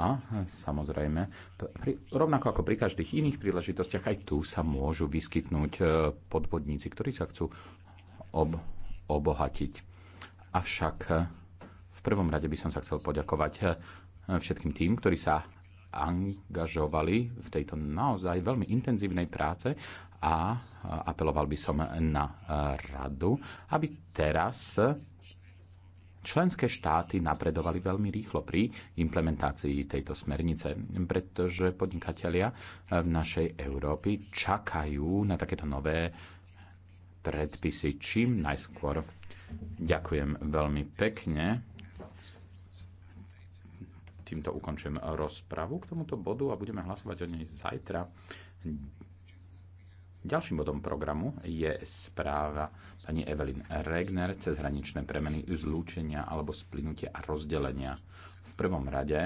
A samozrejme, pri, rovnako ako pri každých iných príležitostiach, aj tu sa môžu vyskytnúť e, podvodníci, ktorí sa chcú ob, obohatiť. Avšak e, v prvom rade by som sa chcel poďakovať e, všetkým tým, ktorí sa angažovali v tejto naozaj veľmi intenzívnej práce a apeloval by som na radu, aby teraz Členské štáty napredovali veľmi rýchlo pri implementácii tejto smernice, pretože podnikatelia v našej Európy čakajú na takéto nové predpisy čím najskôr. Ďakujem veľmi pekne. Týmto ukončím rozpravu k tomuto bodu a budeme hlasovať o nej zajtra. Ďalším bodom programu je správa pani Evelyn Regner cez hraničné premeny zlúčenia alebo splynutia a rozdelenia. V prvom rade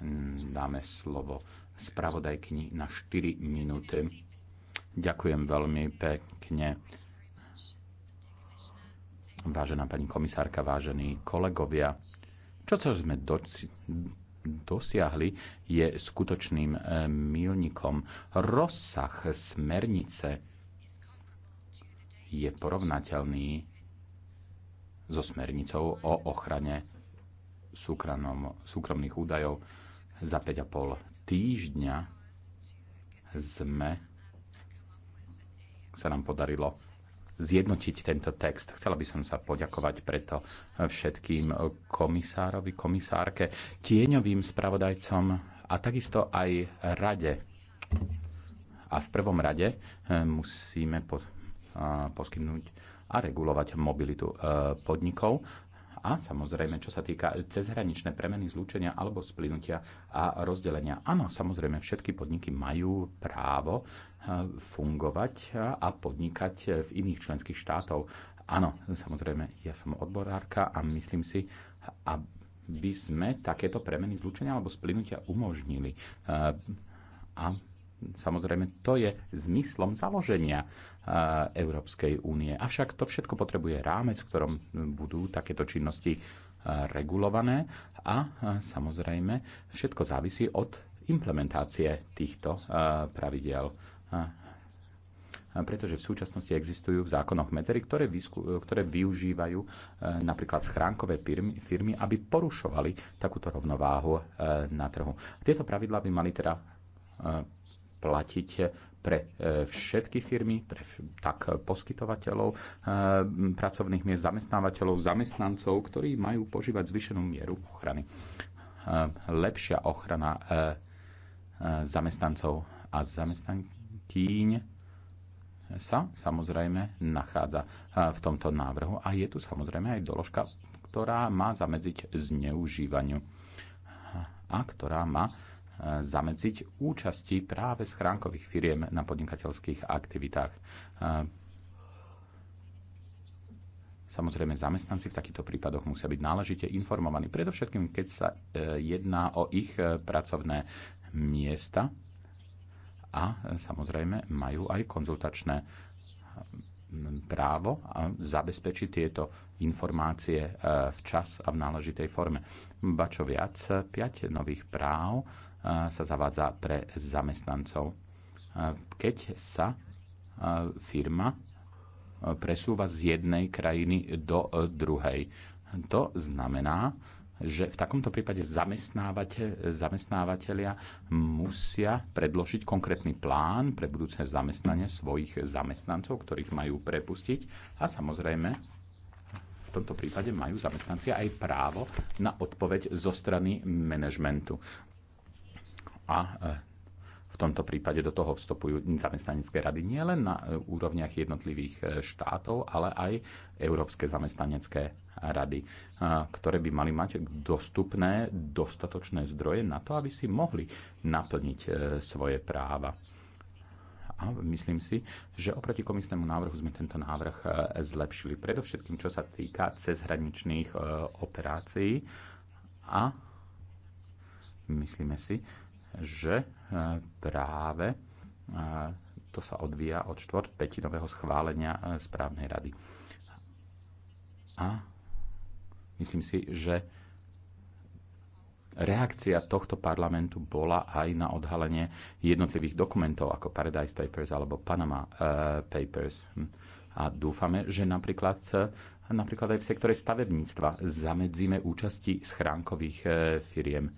mm, dáme slovo spravodajkyni na 4 minúty. Ďakujem veľmi pekne. Vážená pani komisárka, vážení kolegovia, čo, sa sme doci- dosiahli, je skutočným eh, milníkom. Rozsah smernice je porovnateľný so smernicou o ochrane súkromnom, súkromných údajov. Za 5,5 týždňa sme sa nám podarilo zjednotiť tento text. Chcela by som sa poďakovať preto všetkým komisárovi, komisárke, tieňovým spravodajcom a takisto aj rade. A v prvom rade eh, musíme eh, poskytnúť a regulovať mobilitu eh, podnikov a samozrejme, čo sa týka cezhraničné premeny zlúčenia alebo splynutia a rozdelenia. Áno, samozrejme, všetky podniky majú právo e, fungovať a podnikať v iných členských štátov. Áno, samozrejme, ja som odborárka a myslím si, aby sme takéto premeny zlúčenia alebo splynutia umožnili. E, a Samozrejme, to je zmyslom založenia e, Európskej únie. Avšak to všetko potrebuje rámec, v ktorom budú takéto činnosti e, regulované a e, samozrejme všetko závisí od implementácie týchto pravidel pretože v súčasnosti existujú v zákonoch medzery, ktoré, vysku, ktoré využívajú napríklad schránkové firmy, firmy, aby porušovali takúto rovnováhu na trhu. Tieto pravidlá by mali teda platiť pre e, všetky firmy, pre tak poskytovateľov e, pracovných miest, zamestnávateľov, zamestnancov, ktorí majú požívať zvyšenú mieru ochrany. E, lepšia ochrana zamestnancov a zamestnankyň sa samozrejme nachádza v tomto návrhu a je tu samozrejme aj doložka, ktorá má zamedziť zneužívaniu a ktorá má zamedziť účasti práve schránkových firiem na podnikateľských aktivitách. Samozrejme, zamestnanci v takýchto prípadoch musia byť náležite informovaní, predovšetkým keď sa e, jedná o ich e, pracovné miesta a e, samozrejme majú aj konzultačné právo a zabezpečiť tieto informácie včas a v náležitej forme. Ba čo viac, 5 nových práv sa zavádza pre zamestnancov. Keď sa firma presúva z jednej krajiny do e, druhej. To znamená, že v takomto prípade zamestnávateľ, zamestnávateľia musia predložiť konkrétny plán pre budúce zamestnanie svojich zamestnancov, ktorých majú prepustiť a samozrejme v tomto prípade majú zamestnanci aj právo na odpoveď zo strany manažmentu a e, v tomto prípade do toho vstupujú zamestnanecké rady nie len na e, úrovniach jednotlivých e, štátov, ale aj európske zamestnanecké rady, ktoré by mali mať dostupné dostatočné zdroje na to, aby si mohli naplniť svoje práva a myslím si, že oproti komisnému návrhu sme tento návrh zlepšili. Predovšetkým, čo sa týka cezhraničných operácií a myslíme si, že e, práve e, to sa odvíja od štvrtpetinového schválenia e, správnej rady. A myslím si, že reakcia tohto parlamentu bola aj na odhalenie jednotlivých dokumentov ako Paradise Papers alebo Panama Papers. A dúfame, že napríklad, napríklad aj v sektore stavebníctva zamedzíme účasti schránkových firiem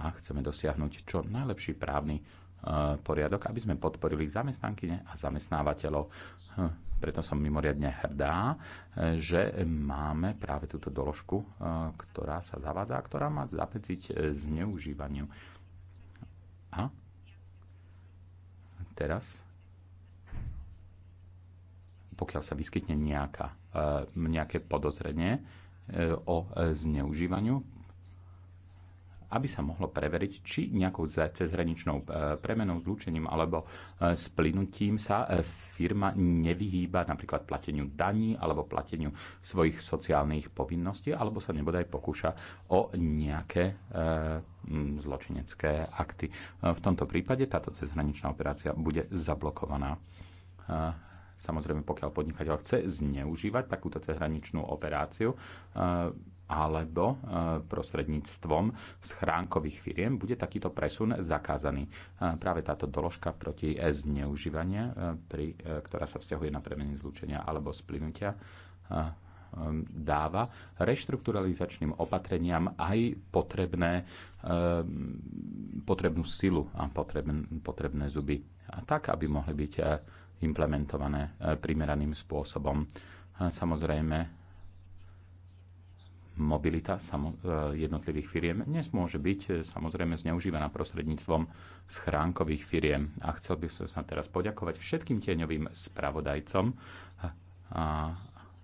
a chceme dosiahnuť čo najlepší právny e, poriadok, aby sme podporili zamestnankyne a zamestnávateľov. Hm, preto som mimoriadne hrdá, e, že máme práve túto doložku, e, ktorá sa zavádza ktorá má zapeciť zneužívaniu. A teraz, pokiaľ sa vyskytne nejaká, nejaké podozrenie o zneužívaniu, aby sa mohlo preveriť, či nejakou cezhraničnou e, premenou, zlúčením alebo e, splynutím sa e, firma nevyhýba napríklad plateniu daní alebo plateniu svojich sociálnych povinností, alebo sa nebodaj pokúša o nejaké zločinecké akty. V tomto prípade táto cezhraničná operácia bude zablokovaná samozrejme pokiaľ podnikateľ chce zneužívať takúto cezhraničnú operáciu, alebo e, prostredníctvom schránkových firiem bude takýto presun zakázaný. E, práve táto doložka proti zneužívania, e, pri, ktorá sa vzťahuje na premeny zlúčenia alebo splynutia, dáva reštrukturalizačným opatreniam aj potrebné, potrebnú silu a potrebné zuby. A tak, aby mohli byť implementované primeraným spôsobom. Samozrejme, mobilita e, jednotlivých firiem dnes môže byť e, samozrejme zneužívaná prostredníctvom schránkových firiem. A chcel by som sa teraz poďakovať všetkým tieňovým spravodajcom, a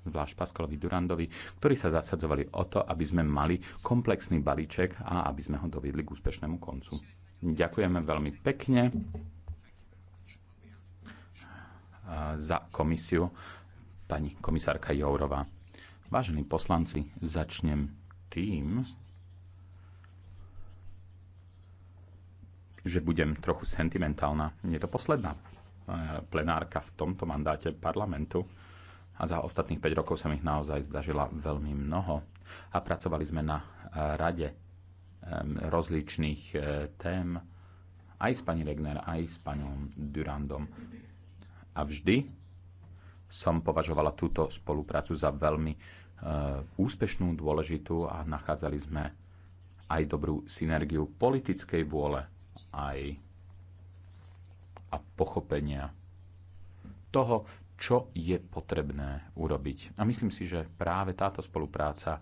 zvlášť Paskalovi Durandovi, ktorí sa zasadzovali o to, aby sme mali komplexný balíček a aby sme ho doviedli k úspešnému koncu. Ďakujeme veľmi pekne za komisiu pani komisárka Jourová. Vážení poslanci, začnem tým, že budem trochu sentimentálna. Je to posledná eh, plenárka v tomto mandáte parlamentu a za ostatných 5 rokov som ich naozaj zdažila veľmi mnoho a pracovali sme na eh, rade rozličných eh, tém aj s pani Regner, aj s panom Durandom. A vždy som považovala túto spoluprácu za veľmi e, úspešnú, dôležitú a nachádzali sme aj dobrú synergiu politickej vôle aj a pochopenia toho, čo je potrebné urobiť. A myslím si, že práve táto spolupráca,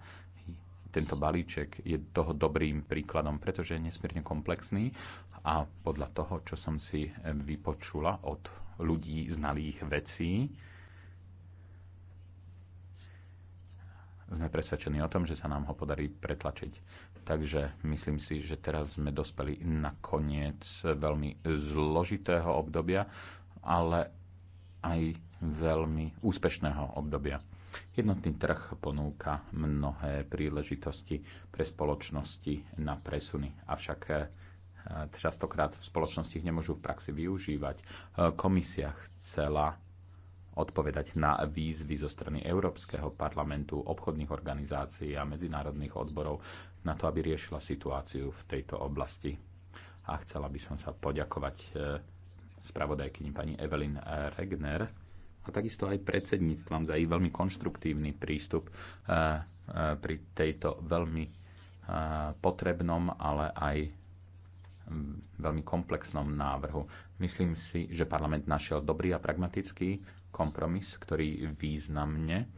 tento balíček je toho dobrým príkladom, pretože je nesmierne komplexný a podľa toho, čo som si vypočula od ľudí znalých vecí, sme presvedčení o tom, že sa nám ho podarí pretlačiť. Takže myslím si, že teraz sme dospeli na koniec veľmi zložitého obdobia, ale aj veľmi úspešného obdobia. Jednotný trh ponúka mnohé príležitosti pre spoločnosti na presuny, avšak eh, častokrát v spoločnosti ich nemôžu v praxi využívať. Eh, komisia chcela odpovedať na výzvy zo strany Európskeho parlamentu, obchodných organizácií a medzinárodných odborov na to, aby riešila situáciu v tejto oblasti. A chcela by som sa poďakovať e, spravodajkyni pani Evelyn e, Regner a takisto aj predsedníctvom za ich veľmi konštruktívny prístup e, pri tejto veľmi potrebnom, ale aj veľmi komplexnom návrhu. Myslím si, že parlament našiel dobrý a pragmatický kompromis, ktorý významne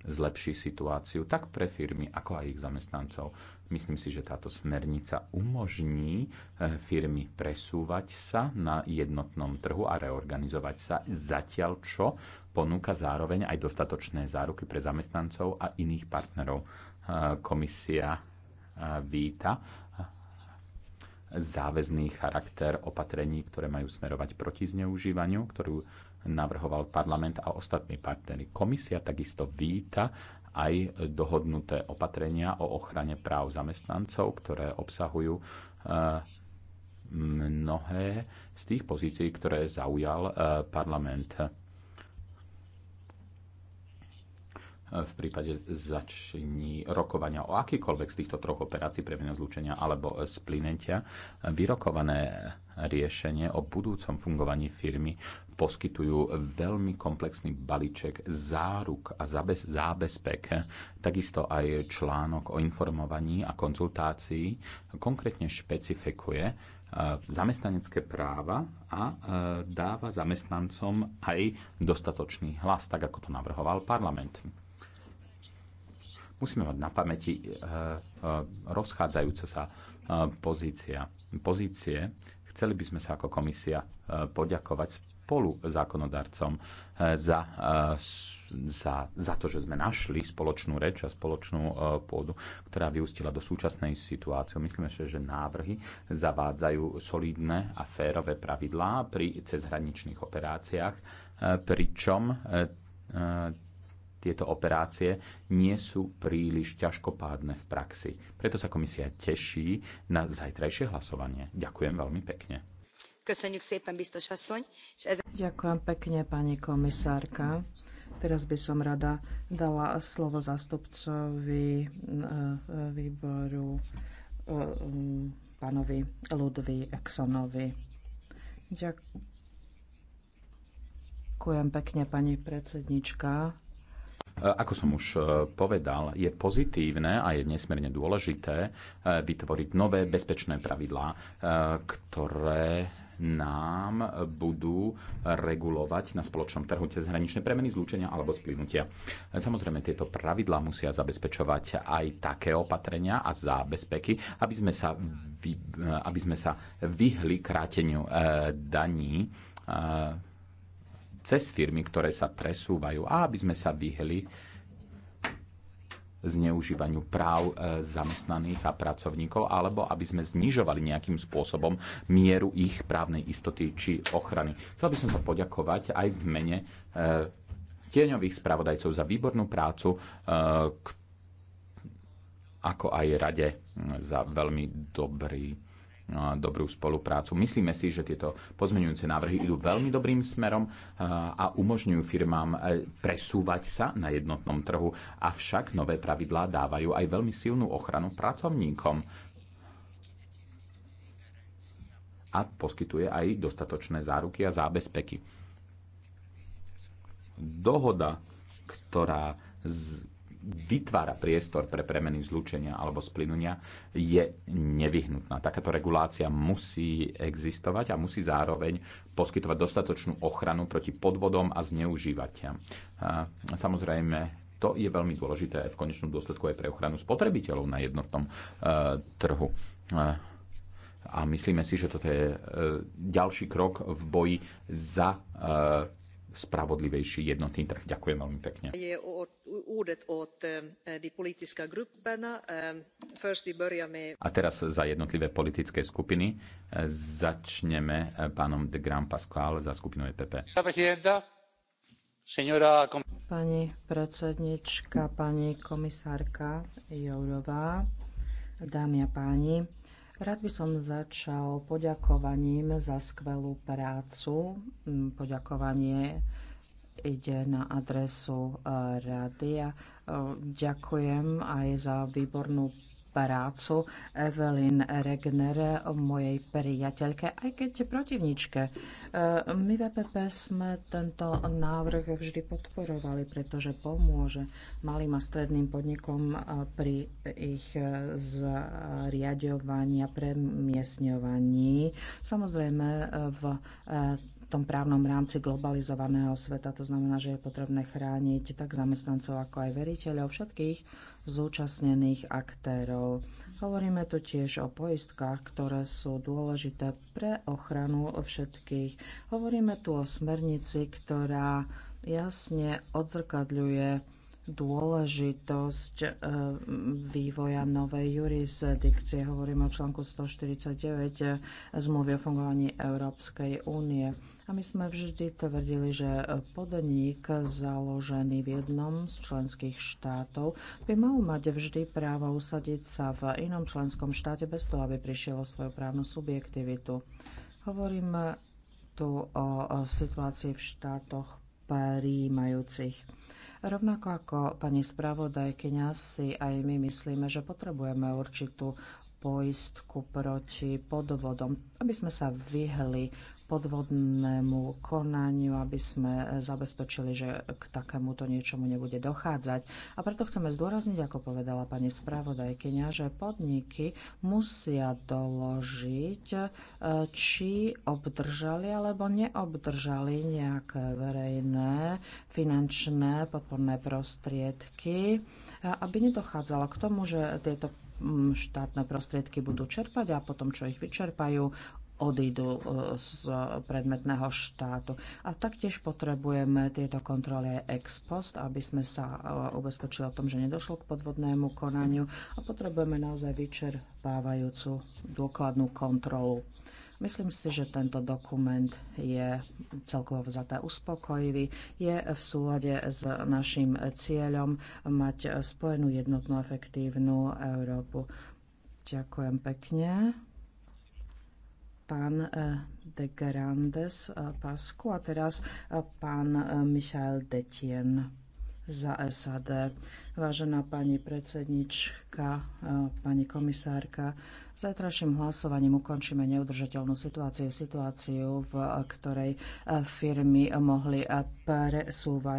zlepší situáciu tak pre firmy, ako aj ich zamestnancov. Myslím si, že táto smernica umožní eh, firmy presúvať sa na jednotnom trhu a reorganizovať sa zatiaľ, čo ponúka zároveň aj dostatočné záruky pre zamestnancov a iných partnerov. Eh, komisia eh, víta záväzný charakter opatrení, ktoré majú smerovať proti zneužívaniu, ktorú navrhoval parlament a ostatní partnery. Komisia takisto víta aj dohodnuté opatrenia o ochrane práv zamestnancov, ktoré obsahujú eh, mnohé z tých pozícií, ktoré zaujal eh, parlament. v prípade začení rokovania o akýkoľvek z týchto troch operácií premena zlúčenia alebo splinetia vyrokované riešenie o budúcom fungovaní firmy poskytujú veľmi komplexný balíček záruk a zabez, zábezpek, takisto aj článok o informovaní a konzultácii konkrétne špecifikuje e, zamestnanecké práva a e, dáva zamestnancom aj dostatočný hlas, tak ako to navrhoval parlament musíme mať na pamäti e, rozchádzajúce sa pozícia. pozície. Chceli by sme sa ako komisia poďakovať spolu zákonodarcom e, za, e, za, za to, že sme našli spoločnú reč a spoločnú e, pôdu, ktorá vyústila do súčasnej situácie. Myslíme si, že návrhy zavádzajú solidné a férové pravidlá pri cezhraničných operáciách, pričom tieto operácie nie sú príliš ťažkopádne v praxi. Preto sa komisia teší na zajtrajšie hlasovanie. Ďakujem veľmi pekne. Ďakujem pekne, pani komisárka. Teraz by som rada dala slovo zástupcovi eh, eh, výboru eh, mm, pánovi Ludvi Eksonovi. Ďakujem pekne, pani predsednička. Ako som už povedal, je pozitívne a je nesmierne dôležité vytvoriť nové bezpečné pravidlá, ktoré nám budú regulovať na spoločnom trhu cez hraničné premeny, zlúčenia alebo splynutia. Samozrejme, tieto pravidlá musia zabezpečovať aj také opatrenia a zábezpeky, aby sme sa, vy, aby sme sa vyhli kráteniu eh, daní eh, cez firmy, ktoré sa presúvajú a aby sme sa vyhli zneužívaniu práv e, zamestnaných a pracovníkov, alebo aby sme znižovali nejakým spôsobom mieru ich právnej istoty či ochrany. Chcel by som sa poďakovať aj v mene e, tieňových spravodajcov za výbornú prácu, e, ako aj rade za veľmi dobrý dobrú spoluprácu. Myslíme si, že tieto pozmeňujúce návrhy idú veľmi dobrým smerom a umožňujú firmám e, presúvať sa na jednotnom trhu. Avšak nové pravidlá dávajú aj veľmi silnú ochranu pracovníkom a poskytuje aj dostatočné záruky a zábezpeky. Dohoda, ktorá z vytvára priestor pre premeny zlúčenia alebo splynutia, je nevyhnutná. Takáto regulácia musí existovať a musí zároveň poskytovať dostatočnú ochranu proti podvodom a zneužívatiam. Samozrejme, to je veľmi dôležité aj v konečnom dôsledku aj pre ochranu spotrebiteľov na jednotnom e, trhu. E, a myslíme si, že toto je e, ďalší krok v boji za spravodlivejší jednotný trh. Ďakujem veľmi pekne. Eh, eh, a teraz za jednotlivé politické skupiny eh, začneme pánom de Grand Pascal za skupinu EPP. Pani predsednička, pani komisárka Jourová, dámy a páni, Rád by som začal poďakovaním za skvelú prácu. Poďakovanie ide na adresu eh, rádia. Eh, ďakujem aj za výbornú prácu Evelyn Regner, mojej priateľke, aj keď protivničke. E, my v EPP sme tento návrh vždy podporovali, pretože pomôže malým a stredným podnikom e, pri ich e, zriadovaní a premiesňovaní. Samozrejme v tom právnom rámci globalizovaného sveta. To znamená, že je potrebné chrániť tak zamestnancov, ako aj veriteľov, všetkých zúčastnených aktérov. Hovoríme tu tiež o poistkách, ktoré sú dôležité pre ochranu všetkých. Hovoríme tu o smernici, ktorá jasne odzrkadľuje dôležitosť e, vývoja novej jurisdikcie. Hovoríme o článku 149 e, zmluvy o fungovaní Európskej únie. A my sme vždy tvrdili, že podnik založený v jednom z členských štátov by mal mať vždy právo usadiť sa v inom členskom štáte bez toho, aby prišiel o svoju právnu subjektivitu. Hovoríme tu o situácii v štátoch príjmajúcich. Rovnako ako pani spravodajkyňa si aj my myslíme, že potrebujeme určitú poistku proti podvodom, aby sme sa vyhli podvodnému konaniu, aby sme eh, zabezpečili, že k takémuto niečomu nebude dochádzať. A preto chceme zdôrazniť, ako povedala pani spravodajkyňa, že podniky musia doložiť, eh, či obdržali alebo neobdržali nejaké verejné finančné podporné prostriedky, eh, aby nedochádzalo k tomu, že tieto mm, štátne prostriedky budú čerpať a potom, čo ich vyčerpajú, odídu e, z predmetného štátu. A taktiež potrebujeme tieto kontroly ex post, aby sme sa e, ubezpečili o tom, že nedošlo k podvodnému konaniu a potrebujeme naozaj vyčerpávajúcu dôkladnú kontrolu. Myslím si, že tento dokument je celkovo vzaté uspokojivý, je v súlade s našim cieľom mať spojenú jednotnú efektívnu Európu. Ďakujem pekne pán eh, de Grandes eh, Pasku a teraz eh, pán Michael Detien za SAD. Vážená pani predsednička, pani komisárka, zajtrajším hlasovaním ukončíme neudržateľnú situáciu, situáciu, v ktorej firmy mohli presúvať